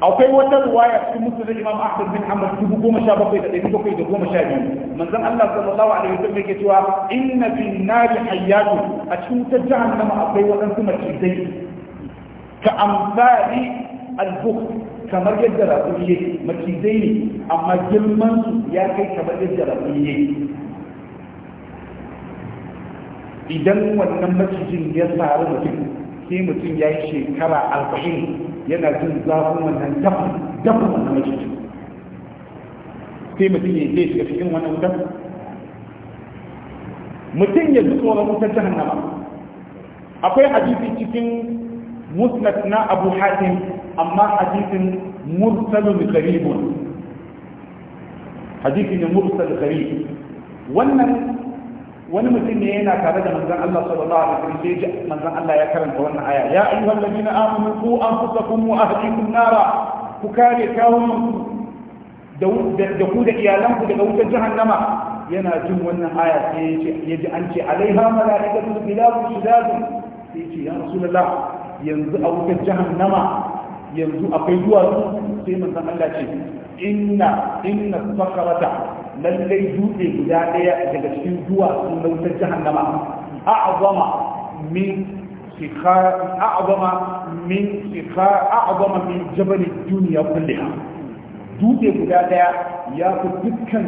[SPEAKER 1] akwai wata ruwaya cikin musulun imam ahmad bin goma sha bakwai da ɗari bakwai da goma sha biyu manzon allah sallallahu alaihi wasallam yake cewa inna bin nari hayyatu a cikin wutar jahannama akwai waɗansu macizai ka amsari albuk kamar yadda raƙuri yake macizai ne amma girman su ya kai kamar yadda raƙuri idan wannan macijin ya sari mutum sai mutum ya yi shekara arba'in yana jin zafin wannan dafa dafa wannan macicin sai mutum ya zai shiga cikin wannan wutar mutum ya ji tsoron wutar jahannama akwai hadisi cikin musnad na abu hatim amma hadisin mursalun garibun hadisi ne mursal garib wannan wani mutum ne yana tare da manzon Allah sallallahu alaihi wasallam sai ji manzon Allah ya karanta wannan aya ya ayyuhal ladina amanu qu anfusakum wa ahlikum nara ku kare kawunanku da ku da iyalanku daga wutar jahannama yana jin wannan aya sai ya ji an ce alaiha
[SPEAKER 2] mala'ikatu bilalu shidadu
[SPEAKER 1] sai ya ce ya rasulullah yanzu a wutar jahannama yanzu akwai duwatsu sai manzon Allah ce inna inna sakarata lallai dutse guda ɗaya daga cikin duwatsu na wutar jahannama a'azama min shikhar a'azama min shikhar a'azama min jabal duniya kulliha dutse guda ɗaya ya fi dukkan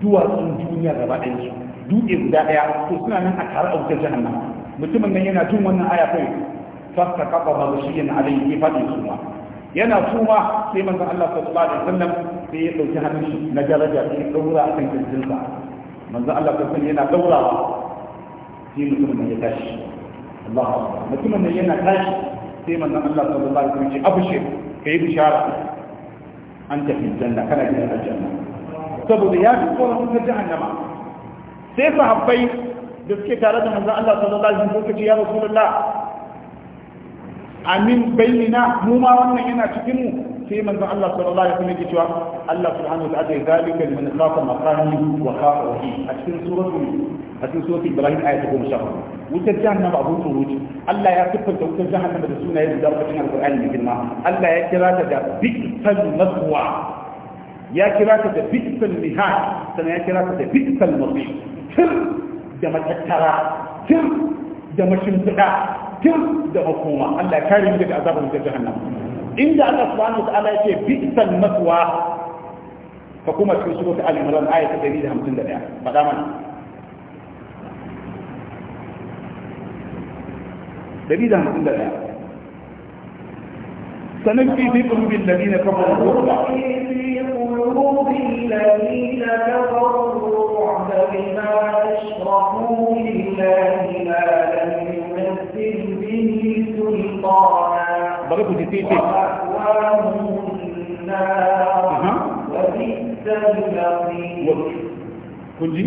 [SPEAKER 1] duwatsun duniya gaba ɗaya su dutse guda ɗaya to suna nan a tare a wutar jahannama mutumin nan yana jin wannan aya kai fasta kafa ba shi yana alayhi ya faɗi suma yana suma sai manzon Allah sallallahu alaihi wasallam sai ya ɗauki hannu na daraja sai ya ɗaura a kan kirjinsa manzo Allah ta san yana ɗaurawa sai mutumin nan ya tashi Allah mutumin nan yana tashi sai manzo Allah sallallahu alaihi wasallam ya ce abushir kai bishara an tafi janna kana gidan aljanna saboda ya fi tsoron ta jahannama sai sahabbai da suke tare da manzo Allah sallallahu alaihi wasallam suka ce ya rasulullah amin bainina mu ma wannan yana cikin mu sai manzon Allah sallallahu alaihi wasallam yake cewa Allah subhanahu wa ta'ala ya zalika liman khafa maqami wa a cikin Ibrahim ayat 14 wutar ya siffanta wutar jahannama da sunaye da zarfatin alqur'ani mai girma Allah ya kira da bi'sal maswa ya kira da bi'sal mihad ya da da matattara sir da mashimfiɗa tun da makoma Allah ya kare mu daga azabar wutar jahannam inda Allah subhanahu wa ta'ala yake bi'sal maswa fa kuma cikin suratul al-imran aya ta 151 faɗa mana 151 سنلقي في قلوب الذين كفروا الرعب
[SPEAKER 2] في قلوب الذين كفروا الرعب بما أشركوا لله ما لم ينزل به سلطانا وأكواهم النار وبئس المصير
[SPEAKER 1] كنجي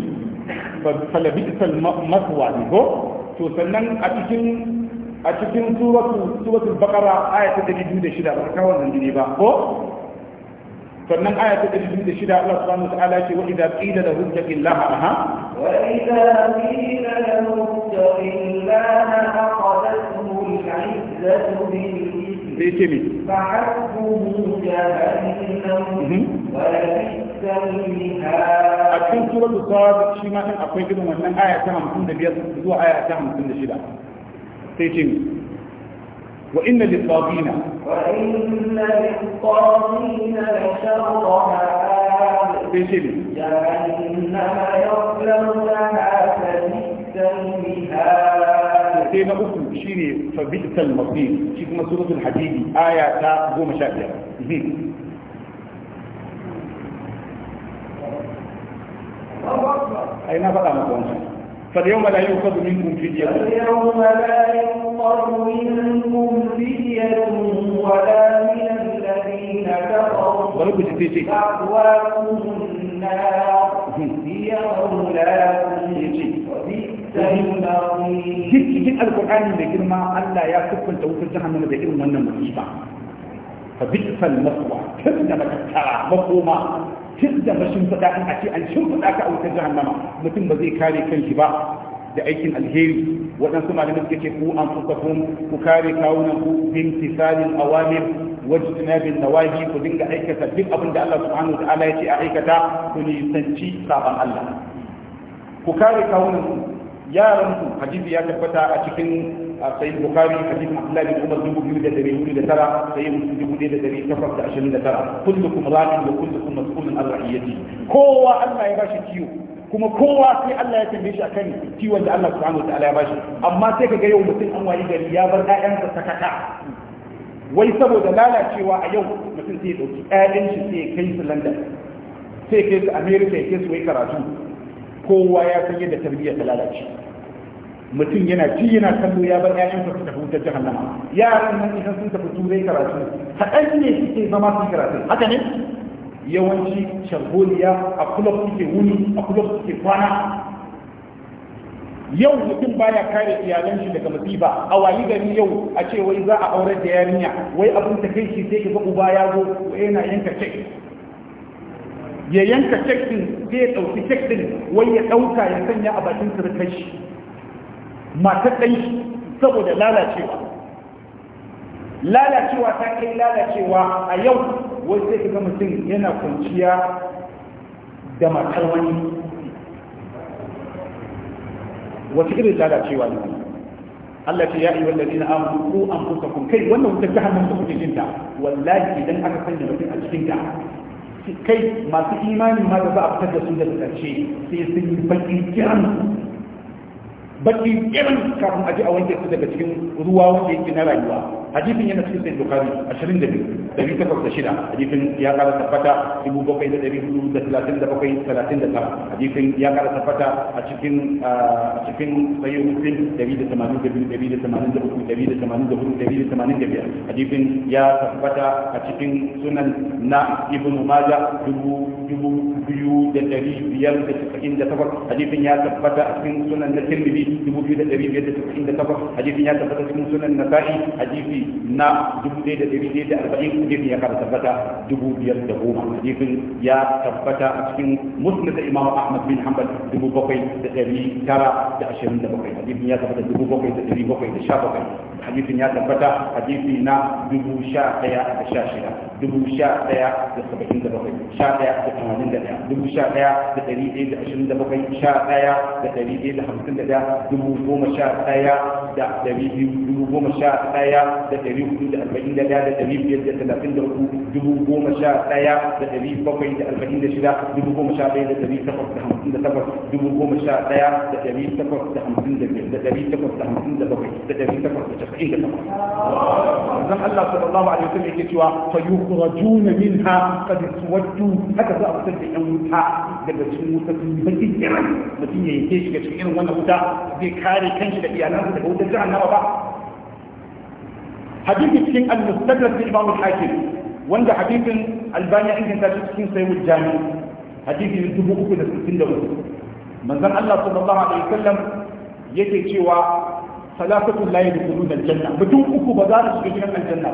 [SPEAKER 1] فلبئس المثوى to تو سنن cikin a cikin suratul suratul baqara aya ta shida ba ka wannan ba ko sannan aya ta 206 Allah subhanahu wataala ce wa idza qila lahum taqillaha aha wa idza qila lahum
[SPEAKER 2] taqillaha aqadathum al-izzatu bil mhm. a cikin suratul
[SPEAKER 1] sad shi ma akwai irin wannan aya 55 zuwa aya 56 sai وإن للطاغين
[SPEAKER 2] وإن للطاغين لشر مآب جهنم يصلونها فبئس المهاد
[SPEAKER 1] سيدنا أخر شيني فبئس المصير شيخ مسورة الحديدي آية تا قوم شاكرة أين بقى مقوم فاليوم لا يؤخذ منكم فدية فاليوم
[SPEAKER 2] لا يؤخذ منكم فدية ولا من الذين كفروا تقواكم النار هي مولاكم وبئس المصير جيت القرآن بكلمة
[SPEAKER 1] بيكلمة ألا يا سكن توفي جهنم بكلمة من المصيبة فبئس المصوى كيف لما تتكرع مفهومة tun da rashin faɗa a ce an shimfiɗa ka a wutar jahannama mutum ba zai kare kanshi ba da aikin alheri waɗansu malamai suka ce ku an fusakun ku kare kawunan ku bin tisalin awamir wajtinabin nawahi ku dinga aikata duk abin da Allah subhanahu wa ta'ala ya ce a aikata ku nisanci saban Allah ku kare kawunan ku yaran ku hadisi ya tabbata a cikin sayyid bukhari hadith abdullahi bin umar dubu biyu da dari hudu da tara sayyid dubu ɗaya da dari takwas da ashirin da tara kullukum ra'in wa kullukum mas'ulun an ra'iyati kowa Allah ya bashi kiwo kuma kowa sai Allah ya tambaye shi akan kiwon da Allah subhanahu wa ta'ala ya bashi amma sai ka ga yau mutum an wayi gari ya bar ƴaƴansa sakaka wai saboda lalacewa a yau mutum sai ɗauki ya kai su sai su ya su wai karatu kowa ya san da tarbiyya ta lalace mutum yana ci yana kallo ya bar ƴaƴansa su tafi wutar jahannama yaran nan idan sun tafi turai karatu kaɗan ne suke zama su karatu haka ne yawanci shagoliya a kulob suke wuni a kulob suke kwana yau mutum baya kare iyalan shi daga masifa a wayi gari yau a ce wai za a aurar da yarinya wai abin ta kai shi sai ki ga uba ya zo yana yanka cek ya yanka cek din sai ya ɗauki cek din wai ya ɗauka ya sanya a bakin surkar shi matar ɗan saboda lalacewa lalacewa ta kai lalacewa a yau wai sai ga mutum yana kwanciya da matar wani wata irin lalacewa ne Allah ce ya yi wallazi na amu ko an kusa kun kai wannan wutar hannun ta kuke jinta wallahi idan aka sanya mutum a cikin ta kai masu imani ma da za a fitar da su daga ƙarshe sai sun yi baƙin kiran baki irin kafin aji a wanke su daga cikin ruwa wanda yake na rayuwa hadisin yana cikin sahih bukhari 22 shida hadisin ya kara tabbata 7437 hadisin ya kara tabbata a cikin a cikin sahih muslim hadisin ya tabbata a cikin sunan na ibn maja dubu biyu da dari biyar da hadisin ya tabbata a cikin sunan na tirmidhi da hadisin ya tabbata cikin sunan nasa'i hadisi na dubu da hadisi na 1140 hadisin ya kara tabbata dubu biyar da 2010 hadisin ya tabbata a cikin musnad imam ahmad bin hanbal bakwai hadisin ya tabbata dubu bakwai bakwai da da sha bakwai hadisin ya tabbata hadisi na dubu sha sha ɗaya da shida dubu sha ɗaya da saba'in da bakwai sha ɗaya da tamanin da ɗaya dubu sha ɗaya da ɗari ɗaya da ashirin da bakwai sha ɗaya da ɗari ɗaya da hamsin da ɗaya dubu goma sha ɗaya da ɗari biyu dubu goma sha ɗaya da da ɗari hudu da arba'in da ɗaya da ɗari biyar da talatin da hudu dubu goma sha ɗaya da ɗari bakwai da arba'in da shida dubu goma sha ɗaya da ɗari takwas da hamsin da takwas dubu goma sha ɗaya da ɗari takwas da hamsin da biyar da ɗari takwas da hamsin da bakwai da ɗari takwas da casa'in da takwas. Zan Allah sallallahu alaihi wasallam yake cewa fa yukhrajuna minha qad suwaddu haka za a fitar da ƴan wuta daga cikin wuta sun baki kiran mutum ya yake shiga cikin irin wannan wuta zai kare kanshi da iyalansa daga wutar jahannama ba hadisi cikin al-mustadrak da imam al-hakim wanda hadisin albani an kanta shi cikin sayyid jami hadisi dubu uku da sittin da uku manzon Allah sallallahu alaihi wasallam yake cewa salatatu da yadkhuluna al-janna mutum uku ba za su shiga cikin aljanna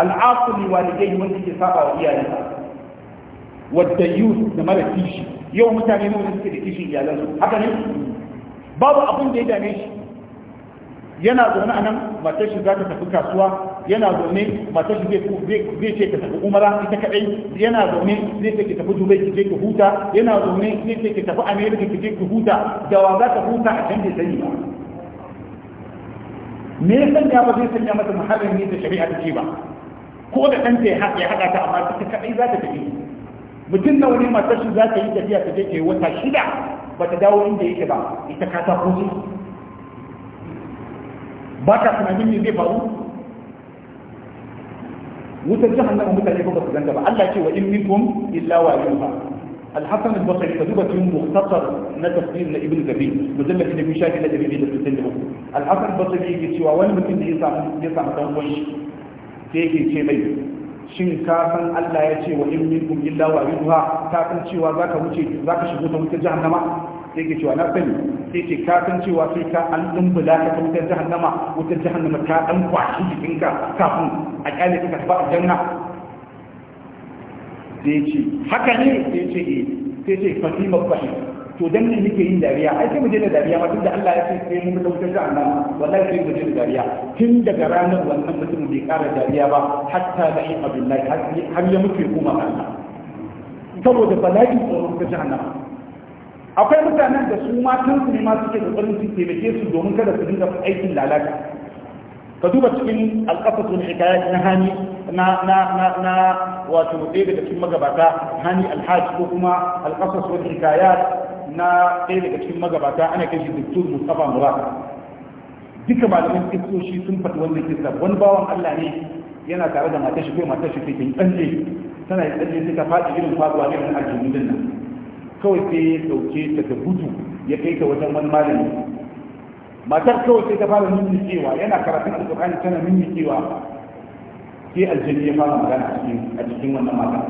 [SPEAKER 1] ba al-aqul li walidayhi wanda ke saba wa iyayensa wadda yus da mara kishi yau mutane ne wanda suke da kishin iyalansu haka ne babu abin da ya dame shi yana zaune a nan matar shi za ta tafi kasuwa yana zaune matar shi zai ce ta tafi umara ita kadai yana zaune zai ce ki tafi dubai ki je ki huta yana zaune zai ce ki tafi america ki je ki huta da wa za ka huta a can bai sani ba me ya sanya ba zai sanya mata muharrin ne da shari'a ta ce ba ko da ta ya haɗa ta amma ta kaɗai za ta tafi mutum na wani matar shi za ta yi tafiya ta je ta yi wata shida ba ta dawo inda yake ba ita katako ce ba ka tunanin me zai faru wutar jahannama mutane ba su ganta ba Allah ce wa in minkum illa wa yuha الحسن البصري كذبة مختصر نتفسير لابن كثير مجلد اللي في شاكل الذي الحسن البصري يجي سوى وين ممكن يسام تنوش تيجي شيء مي shin ka san Allah ya ce wa in minkum illa wa yuha ka san cewa zaka wuce jahannama sai ke cewa na sani sai ce ka san cewa sai ka an dumbula ka ta wutar jahannama wutar jahannama ta dan kwashi jikinka kafin a kyale ka tafi janna. sai ce haka ne sai ce eh sai ce fatima bahi to dan ne nake yin dariya ai sai mu je da dariya ma tunda Allah ya ce sai mun da wutar jahannama wallahi sai mu je da dariya tun daga ranar wannan mutum bai kara dariya ba hatta da abillahi har ya mutu ya koma Allah saboda bala'i tsoron ta jahannama akwai mutanen da su matan su ne ma suke kokarin su taimake su domin kada su dinga aikin lalata ka duba cikin alƙasasun hikayat na hani na na na na wato ɗaya daga cikin magabata hani alhaji ko kuma alƙasasun hikayat na ɗaya daga cikin magabata ana kai shi duktur mustafa murad duka malaman kistoshi sun faɗi wannan kista wani bawan allah ne yana tare da matashi shi kai matar shi kai tsalle tana yi tsalle suka faɗi irin faɗuwa irin aljihun nan kawai sai ya dauke ta da gudu ya kai ta wajen wani malami matar kawai sai ta fara nuna cewa yana karatun alƙur'ani tana nuna cewa sai aljani ya fara magana a cikin wannan mata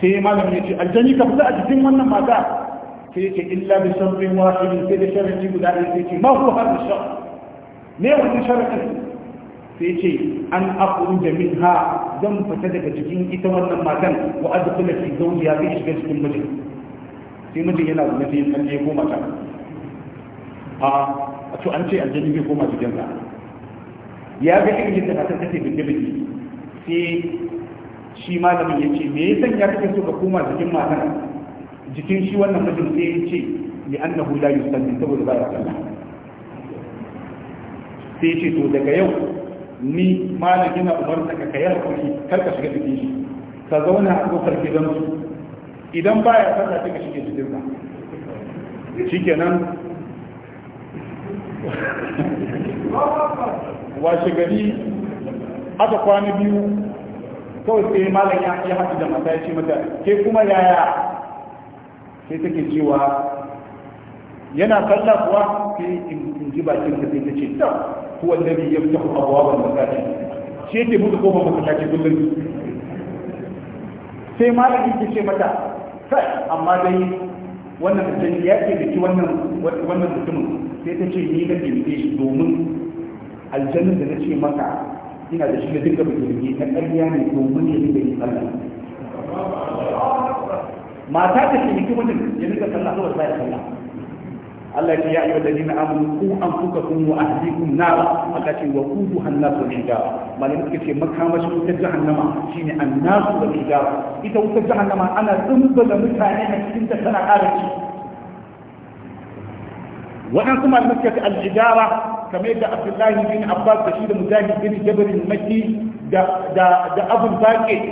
[SPEAKER 1] sai malami ya ce aljani ka fita a cikin wannan mata sai ya ce illa bi sharrin wahidin sai da sharri guda ɗaya sai ce ma huwa hadha shar ne wannan sharri sai ce an akhruja jami'a zan fita daga cikin ita wannan matan wa adkhula fi ya fi shiga cikin mijin sai mijin yana da nafi an je ko mata a to an ce aljani bai koma cikin ka ya ga irin yadda matan take bin dabi sai shi malamin ya ce me yasan ya kake so ka koma cikin matan jikin shi wannan mijin sai ya ce li annahu la yusalli saboda ba ya sallah sai ce to daga yau ni malakin ina da ka kai hakuri kar ka shiga cikin shi ka zauna a kofar gidansu idan baya sallah sai ka shige shi sa shikenan washe gari aka kwana biyu kawai sai malakin ya ya haɗu da mata ya ce mata ke kuma yaya sai take cewa yana sallah kuwa in ji bakin ka sai ta ce huwa alladhi yaftahu abwaab al-masajid shi yake buɗe kofar masallaci kullum sai malami ke ce mata kai amma dai wannan mutum ya ke da ki wannan wannan mutumin sai ta ce ni nake rike shi domin aljannin da na ce maka ina da shi na duka mutum na ƙarya ne domin ya rike ni sallah mata ta ce ki mutum ya rika sallah saboda ba ya sallah Allah ya ce ya ayyuhal ladina amanu ku anfusakum wa ahlikum nara Allah ce wa quduha an-nasu wal hijara malamin suka ce makamashin wutar jahannama shine annasu da wal hijara ita wutar jahannama ana tsumbala mutane a cikin ta tana ƙara ci waɗansu malamin suka ce al-hijara kamar yadda Abdullahi bin Abbas da shi da Mujahid bin Jabir al da da da Abu Bakr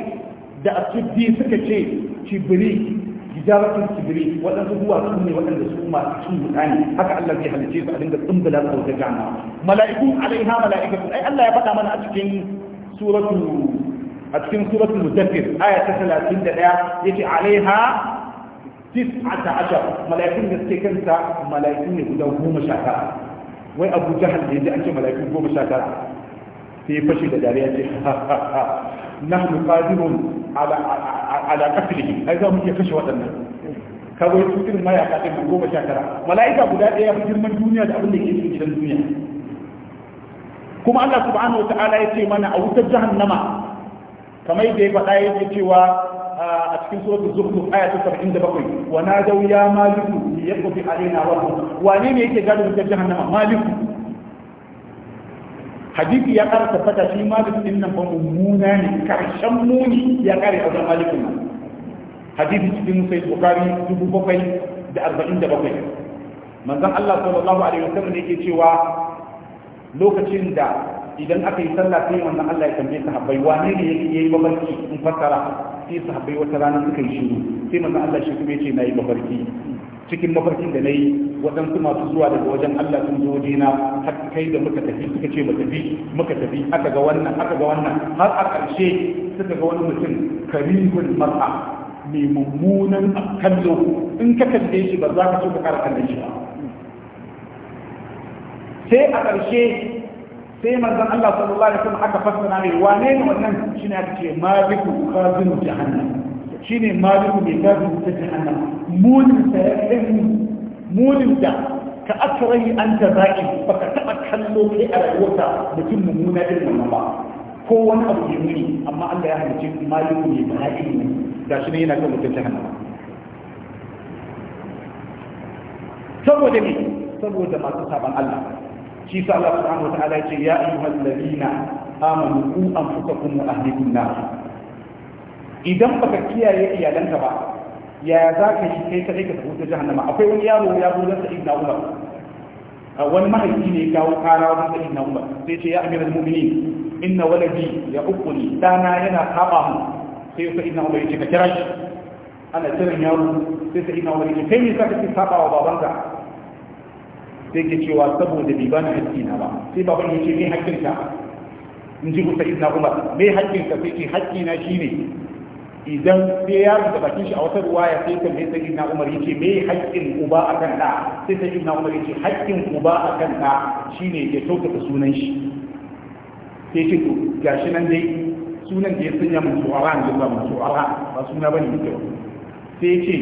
[SPEAKER 1] da Asuddi suka ce Jibril jaratul Kibiri, waɗansu sun ne waɗanda su masu cin wuta ne haka Allah zai halice su a dinga tsumbula su da jama'a. mala'iku alaiha mala'ikatu ai Allah ya faɗa mana a cikin suratul a cikin suratul mudaffir aya ta 31 yace alaiha tis'ata ashar mala'ikun da suke kanta mala'ikun ne guda goma sha tara wai Abu Jahal da yaji an ce mala'ikun goma sha tara sai fashi da dariya ce nahnu qadirun ala ala qatlihi ai za mu iya kashe waɗannan ka zo su irin mayaka ɗin goma sha tara mala'ika guda ɗaya fi girman duniya da abin da ke cikin gidan duniya kuma Allah subhanahu wata'ala ya ce mana a wutar jahannama kamar yadda ya faɗa yake cewa a cikin suratul zukhruf aya ta 77 wa nadaw ya maliku yaqdi alaina wa, wane ne yake gado wutar jahannama maliku hadisi ya ƙara tabbata shi da din nan ba muna ne karshen muni ya kare a wajen malikin nan hadisi cikin sai bukari dubu bakwai da arba'in da bakwai manzon allah sallallahu alaihi wasallam ne ke cewa lokacin da idan aka yi sallah sai wannan allah ya tambaye sahabbai wane ne ya yi babarki in fassara sai sahabbai wata rana suka yi shiru sai manzon allah shi kuma ya ce na yi babarki cikin mafarkin da na yi waɗansu masu zuwa daga wajen Allah sun zo wajena har kai da muka tafi suka ce muka tafi muka tafi aka ga wannan aka ga wannan har a ƙarshe suka ga wani mutum karihun mar'a mai mummunan kallo in ka kalle shi ba za ka so ka ƙara kallon shi ba sai a ƙarshe sai manzon Allah sallallahu alaihi wasallam aka fassara mai wane ne wannan shine aka ce ma maliku khazinu jahannam shine maliku mai gafin ta jahannama munin sa ya kai munin da ka asirahi an ta zaƙi ba ka taɓa kallo kai a rayuwarka mutum mummuna irin wannan ba ko wani abu ya muni amma Allah ya halicci maliku mai bala'i ne ga shi ne yana kan mutum jahannama saboda ne saboda masu saban Allah shi sa Allah subhanahu wa ta'ala ya ce ya ayyuhal ladina amanu qu anfusakum wa ahlikum nar idan baka kiyaye iyalanka ba ya za ka yi kai kadai ka tafi wutar jahannama akwai wani yaro ya zo zan sa'id na umar wani mahaifi ne kawo kara wani sa'id na umar sai ce ya amiral mu'minin inna waladi ya ukuni dana yana saba mu sai sa'id na umar ya ce ka kira shi ana kiran yaro sai sa'id na umar ya ce kai ne saka ki saba wa babanka sai ke cewa saboda bai bani hakki na ba sai baban ya ce me hakkinka in ji ku sa'id na umar me hakkinka sai ce hakki na shine idan sai ya da bakin shi a wata ruwaya sai ta mai sayyidina Umar yace me haƙƙin uba akan da sai sayyidina Umar yace haƙƙin uba akan da shine ya kyautata sunan shi sai ce to gashi nan dai sunan da ya sanya mun su'ara ne ba mun su'ara ba suna bane ne ba sai ce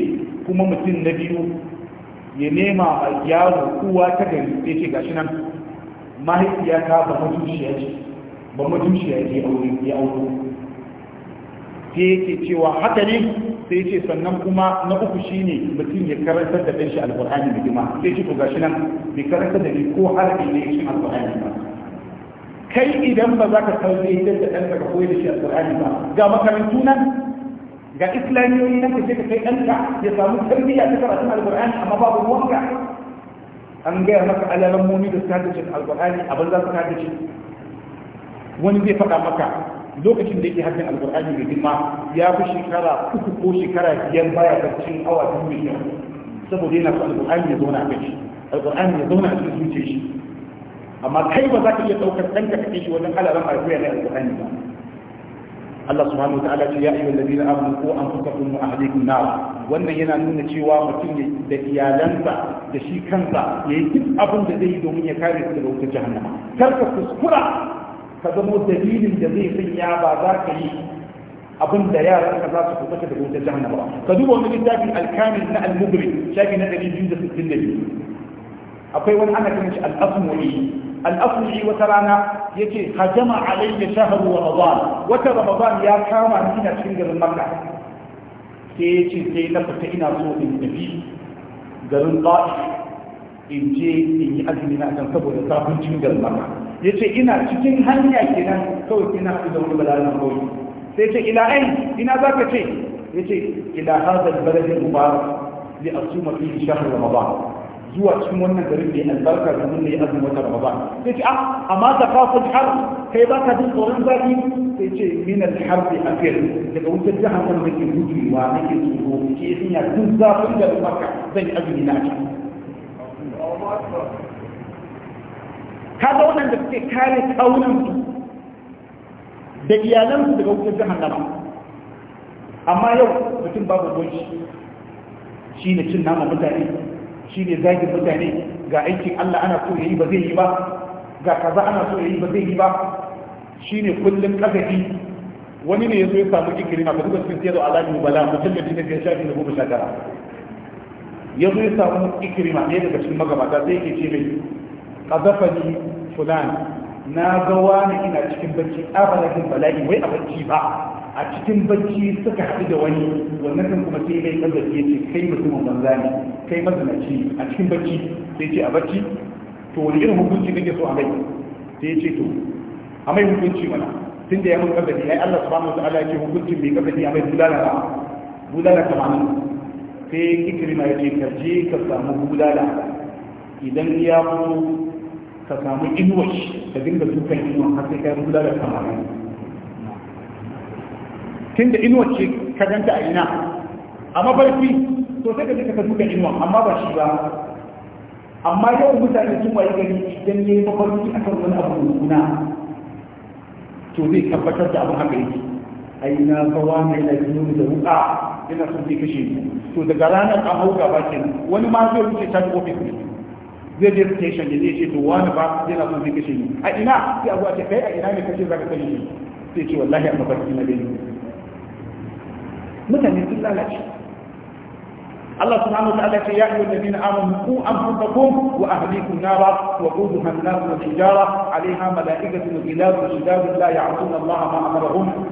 [SPEAKER 1] kuma mutum na biyu ya nema a yaro uwa ta gari sai ce gashi nan mahaifiya ta ba ya ce ba mutunciya ce aure ya aure sai yake cewa haka ne sai yace sannan kuma na uku shine mutum ya karantar da kanshi alqur'ani da jima sai ce to gashi nan bai karantar da ni ko harfi ne shi alqur'ani ba kai idan ba za ka sauke yadda da ɗan ka koyi da shi alqur'ani ba ga makarantu nan ga islamiyoyi nan ka je ka kai ɗanka ya samu tarbiyya ta karatun alqur'ani amma babu wanka an gaya maka alalan muni da ta dace alqur'ani abin za su ta ce wani zai faɗa maka lokacin da yake hakan alkur'ani mai girma ya fi shekara uku ko shekara biyar baya barcin awa biyu mai miliyan saboda yana son alkur'ani ya zauna a kai shi alkur'ani ya zauna a cikin zuciyar shi amma kai ba za ka iya ɗaukar ɗan ka kai shi wajen halaran alkuya na alkur'ani ba Allah subhanahu wataala ce ya ayyuha alladhina amanu qu anfusakum wa ahlikum nar wannan yana nuna cewa mutum da iyalansa da shi kansa yayi duk abin da zai yi domin ya kare su daga wutar jahannama kar ka kuskura ka zamo dalilin da zai sanya ba za ka yi abin da yaran ka za su kuma da wutar jahannama ba ka duba wani littafin alkamil na al-mubri shafi na 262 akwai wani ana kiran shi al-asmuli al-asmuli wata rana yace hajama alayya shahru ramadan wata ramadan ya kama ni na cikin garin makka sai yace sai na fita ina so in tafi garin ta'if in je in yi azumi na kan saboda sabon cikin garin makka ya ce ina cikin hanya kenan kawai sai na haɗu da wani balalan bauchi sai ce ila ai ina za ka ce ya ce ila haza hazar baladin mubarak li asuma fi shahr ramadan zuwa cikin wannan garin da ya albarka da ne ya azumi wata ramadan sai ce a ah, amma ta kafa har kai ba ka jin tsoron zafi sai ce min al-harb afir daga wutar jahannam da ke gujewa nake tsoro ke sun ya duk zafin da maka zan azumi na ta kaga waɗanda suke kare kaunansu da iyalansu daga jihar nama amma yau mutum babu goji shi ne cin nama mutane shi ne zagin mutane ga aikin allah ana so ya yi ba zai yi ba ga kaza ana so ya yi ba zai yi ba shi ne kullum kasafi wani ne ya zo ya samu ikirima ka duka cikin siyarwa alamu bala mutum da ya shafi da goma sha ya zo ya samu ikirima ɗaya daga cikin magabata sai ke ce mai qadafani fulan na ga wani ina cikin bacci abalakin bala'i wai a bacci ba a cikin bacci suka haɗu da wani wannan kan kuma sai mai kazar ya ce kai mutumin banza ne kai mazinaci a cikin bacci sai ce a bacci to wani irin hukunci kake so a mai sai ya ce to a mai hukunci mana tun da ya mun kazar ya yi Allah subhanahu wa ta'ala ya ce hukuncin mai kazar ya mai bulala ba bulala kamanin sai ikirma ya ce ka je ka samu bulala idan ya fito ka samu shi ka dinga dukan inuwar har sai kai gudanar da kamarin tun da inuwa shi ka ganta a ina a barfi to sai ka je ka dukan inuwa amma ba shi ba amma yawan mutane sun waye gari idan ya yi mafarki a kan wani abu na, to zai tabbatar da abin haka yake ai na kawa mai lafiyo da wuka yana son zai kashe to daga ranar an hau gaba kenan wani ma zai wuce ta ofis ne zai je station da zai ce to wani ba zai na son zai kashe ne, a ina sai a ce kai a ina ne kashe za ka kashe ne, sai ce wallahi a mafarki na gani mutane sun lalace Allah subhanahu wa ta'ala ce ya ayyuhal wa ahlikum nara wa an-nar wal hijara 'alayha mala'ikatun ghilazun shidadun la ya'tuna Allah ma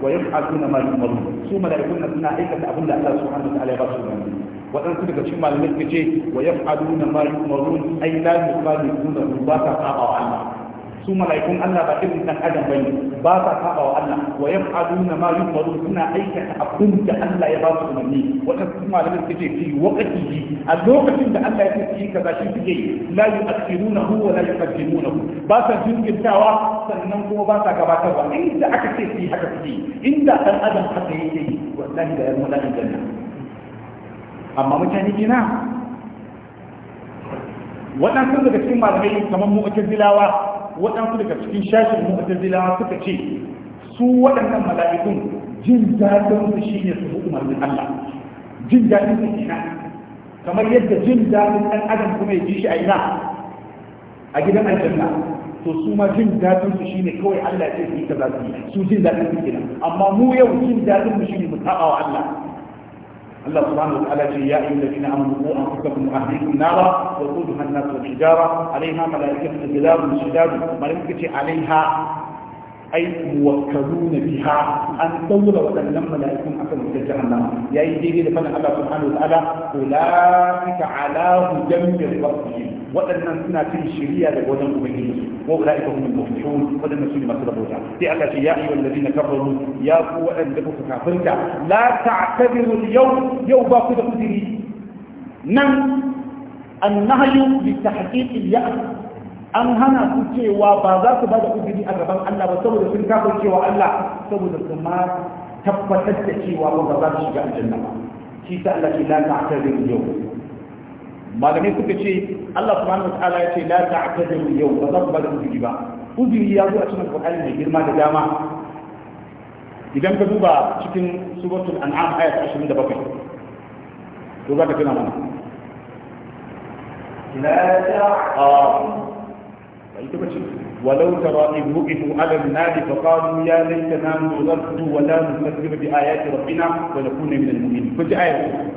[SPEAKER 1] wa yaf'aluna ma yu'marun su mala'ikun suna aikata abin da Allah ta'ala ya ba su waɗansu daga cikin malamai suka ce wa yaf'aluna na yu'marun ay la yukhalifuna ba ta saba wa Allah su mala'ikun Allah ba irin dan adam bane ba sa saba wa Allah wa yaf'aluna ma yu'marun suna aikata abin da Allah ya ba su umarni wadansu malamai suka ce fi waqtihi a lokacin da Allah ya ce kaza shi suke la yu'akhirunahu wa la yuqaddimunahu ba sa jinkirtawa sannan kuma ba sa gabatarwa inda aka ce fi haka suke inda dan adam haka yake ɗan da ya mu dan janna amma mutane ina waɗansu daga cikin malamai kamar zilawa, waɗansu daga cikin shashin zilawa, suka ce su waɗannan mala'ikun jin daɗin su shine su umarnin Allah jin daɗin su kenan kamar yadda jin daɗin ɗan adam kuma ya ji shi a ina a gidan aljanna to su ma jin daɗin su shine kawai Allah ya ce su yi ta su su jin daɗin su kenan amma mu yau jin daɗin mu shine mu taɓa wa Allah الله سبحانه وتعالى يا أيها الذين آمنوا قوا أنفسكم وأهليكم نارا وقودها الناس والحجارة عليها ملائكة غلاظ شداد ملائكة عليها ai muwakkaluna biha an daura waɗannan mala'ikun akan wutar jahannama yayi daidai da fadin Allah subhanahu wa ta'ala ulaika ala hudan min rabbihim Wadannan suna cin shiriya daga wajen ubangiji wa ulaika humul muflihun waɗannan su ne masu rabota sai Allah ce ya ayyuhal ladina kafaru ya ku waɗanda kuka kafirta la ta'tabiru yau yau ba ku da kudiri nan annahyu li tahqiqil ya'd an hana su cewa ba za su ba da uzuri a gaban Allah ba saboda sun kafa cewa Allah saboda su ma tabbatar da cewa ba za su shiga aljanna ba shi sa Allah ke la ta'tadiru yau malamai suka ce Allah subhanahu wataala ya ce la ta'tadiru yau ba za ku ba da uzuri ba uzuri ya zo a cikin Qur'ani mai girma da dama idan ka duba cikin suratul an'am ayat 27 to za ka tuna mana
[SPEAKER 2] la ta'tadiru ita bace
[SPEAKER 1] walau tara wuqifu ala an-nar fa qalu ya laitana nuraddu wa la nukazzibu bi ayati rabbina wa nakuna min al-mu'minin kuji ayatu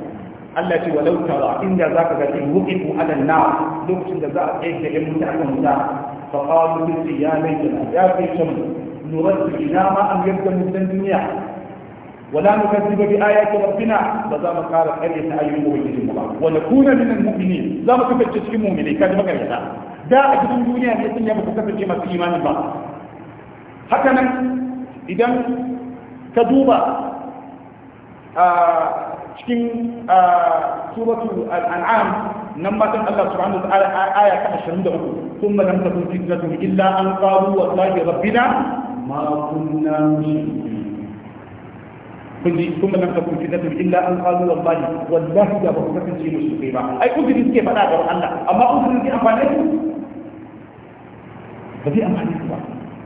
[SPEAKER 1] Allah ce walau tara inda zaka ga in wuqifu ala an-nar lokacin da za a kai da mutu akan wuta fa qalu ya ba ya kai shan nuraddu ina ma an yadda mutan duniya ولا نكذب بآيات ربنا فزام قال قرية أيوم وجدهم الله ونكون من المؤمنين زام كفتش المؤمنين كذب قرية da a cikin duniya ne sun yaba ku kasance masu imani ba haka nan idan ka duba a cikin suratul al'an'am nan matan Allah subhanahu wa ta'ala aya ta 23 thumma lam takun fitnatun illa an qalu wallahi rabbina ma kunna kulli thumma lam takun fitnatun illa an qalu wallahi wallahi da ba ku kasance musulmi ba ai uzuri suke faɗa ga Allah amma uzuri ne amfane su هذه أمعني الله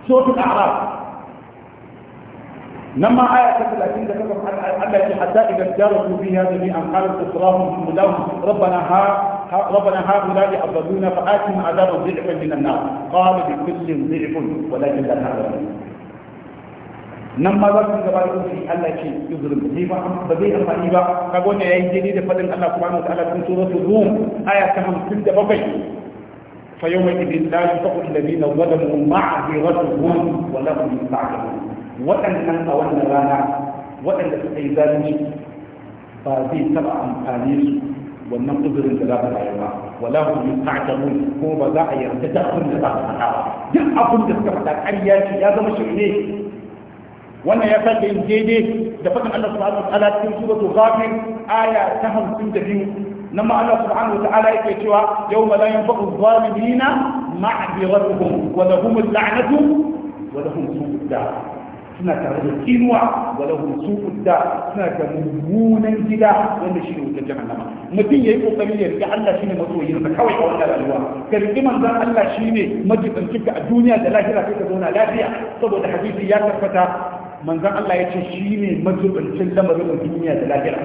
[SPEAKER 1] سورة الأعراف لما آية الأسين
[SPEAKER 2] ذكرت التي
[SPEAKER 1] حتى إذا جاركوا في هذا قالوا أمحال في لهم ربنا ها ربنا ها هؤلاء أبدونا فآتهم عذاب ضعف من النار قال بكل ضعف ولكن لا هذا nan maza su gaba da kuma Allah ce yuzurin ne ba ba zai amfani ba ka gode yayin jini da fadin Allah subhanahu فيومئذ لا ينفع الذين ظلموا معذرتهم ولهم يستعجلون waɗannan a wannan rana waɗanda suka yi zalunci ba zai taɓa amfani su wannan uzurin da za a rayu ba wala hum yusta'jabun ko ba za a yarda da abin da za su faɗa ba duk abin da suka faɗa ƙarya ce ya zama shirme wannan ya sake yin daidai da faɗin Allah subhanahu wa ta'ala cikin suratul ghafir aya ta 52 nan ma Allah subhanahu wa ta'ala yake cewa yawma la yanfa'u adh-dhalimina ma'dhiratuhum wa lahum al-la'natu wa lahum su'ud suna da kinuwa wa lahum su'ud suna da mummunan gida wanda shi ne mutum yayi kokari ya rike Allah shine masoyin sa kawai a wannan rayuwa ka rike manzon Allah shine majibancin ka a duniya da lahira sai ka zauna lafiya saboda hadisi ya tabbata manzon Allah ya ce shine majibancin lamarin duniya da lahira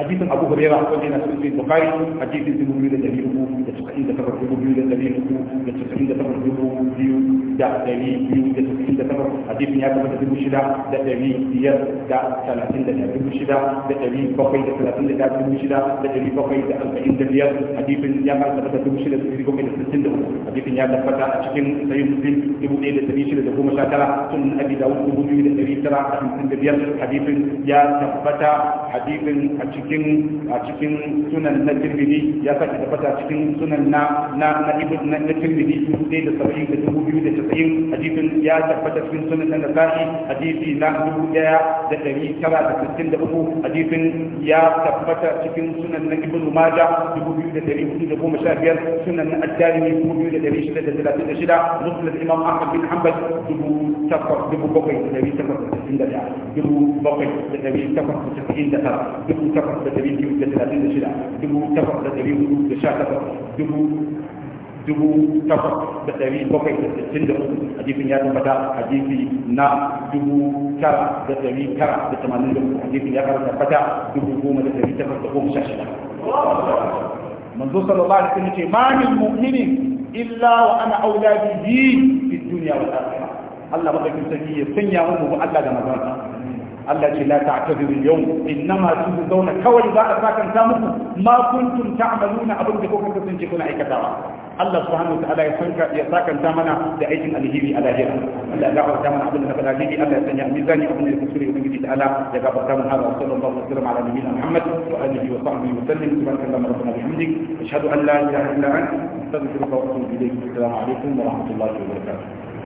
[SPEAKER 1] hadisin abu huraira wanda yana cikin bukari hadisin dubu biyu da dari uku da casa'in da biyu da dari uku da da takwas dubu biyu da dari biyu ya tabbata dubu shida da dari biyar da talatin da dubu shida da dari bakwai da talatin da dubu shida da dari bakwai da arba'in da biyar hadisin ya tabbata dubu shida da dari bakwai da sittin da uku hadisin ya tabbata a cikin sayin muslim da dari shida da goma da da da biyar ya tabbata cikin a cikin sunan na tirmidhi ya sake tabbata cikin sunan na na na ibn na tirmidhi sai da saba'in da dubu biyu da tasa'in hadisin ya tabbata cikin sunan na nasa'i hadisi na dubu daya da dari tara da sittin da uku hadisin ya tabbata cikin sunan na ibn maja dubu biyu da dari hudu da goma sha biyar sunan na addarimi dubu biyu da dari shida da talatin da shida muslim imam ahmad bin hanbal dubu takwas dubu bakwai da dari takwas da sittin da daya dubu bakwai da dari takwas da sittin da tara dubu takwas takwas da dari biyu da talatin da shida dubu takwas da dari hudu da sha takwas dubu dubu takwas da dari bakwai da sittin da uku hadisin ya tabbata hadisi na dubu tara da dari tara da tamanin da uku hadisin ya tabbata dubu goma da dari takwas da goma sha shida manzo sallallahu alaihi wasallam ce ma min mu'minin illa wa ana aula bihi fi dunya wal akhirah Allah madaukakin sarki ya sanya mu Allah da manzon التي لا تعتذر اليوم انما تجزون كوي بعد ما كنت ما كنتم تعملون ابو بكم كنتم تكون اي كذا الله سبحانه وتعالى يسنك يساك تامنا منا دعيت الهيري على هيرا الا دعوة تامنا عبد الله فلاجيبي الا يسنع ميزاني ابن الكسوري ابن جديد على يقاب تامنا هذا وصلى الله وسلم على نبينا محمد وآله وصحبه وسلم سبحانك اللهم ربنا بحمدك
[SPEAKER 2] اشهد ان لا اله الا انت استغفرك واتوب اليك السلام عليكم ورحمه الله وبركاته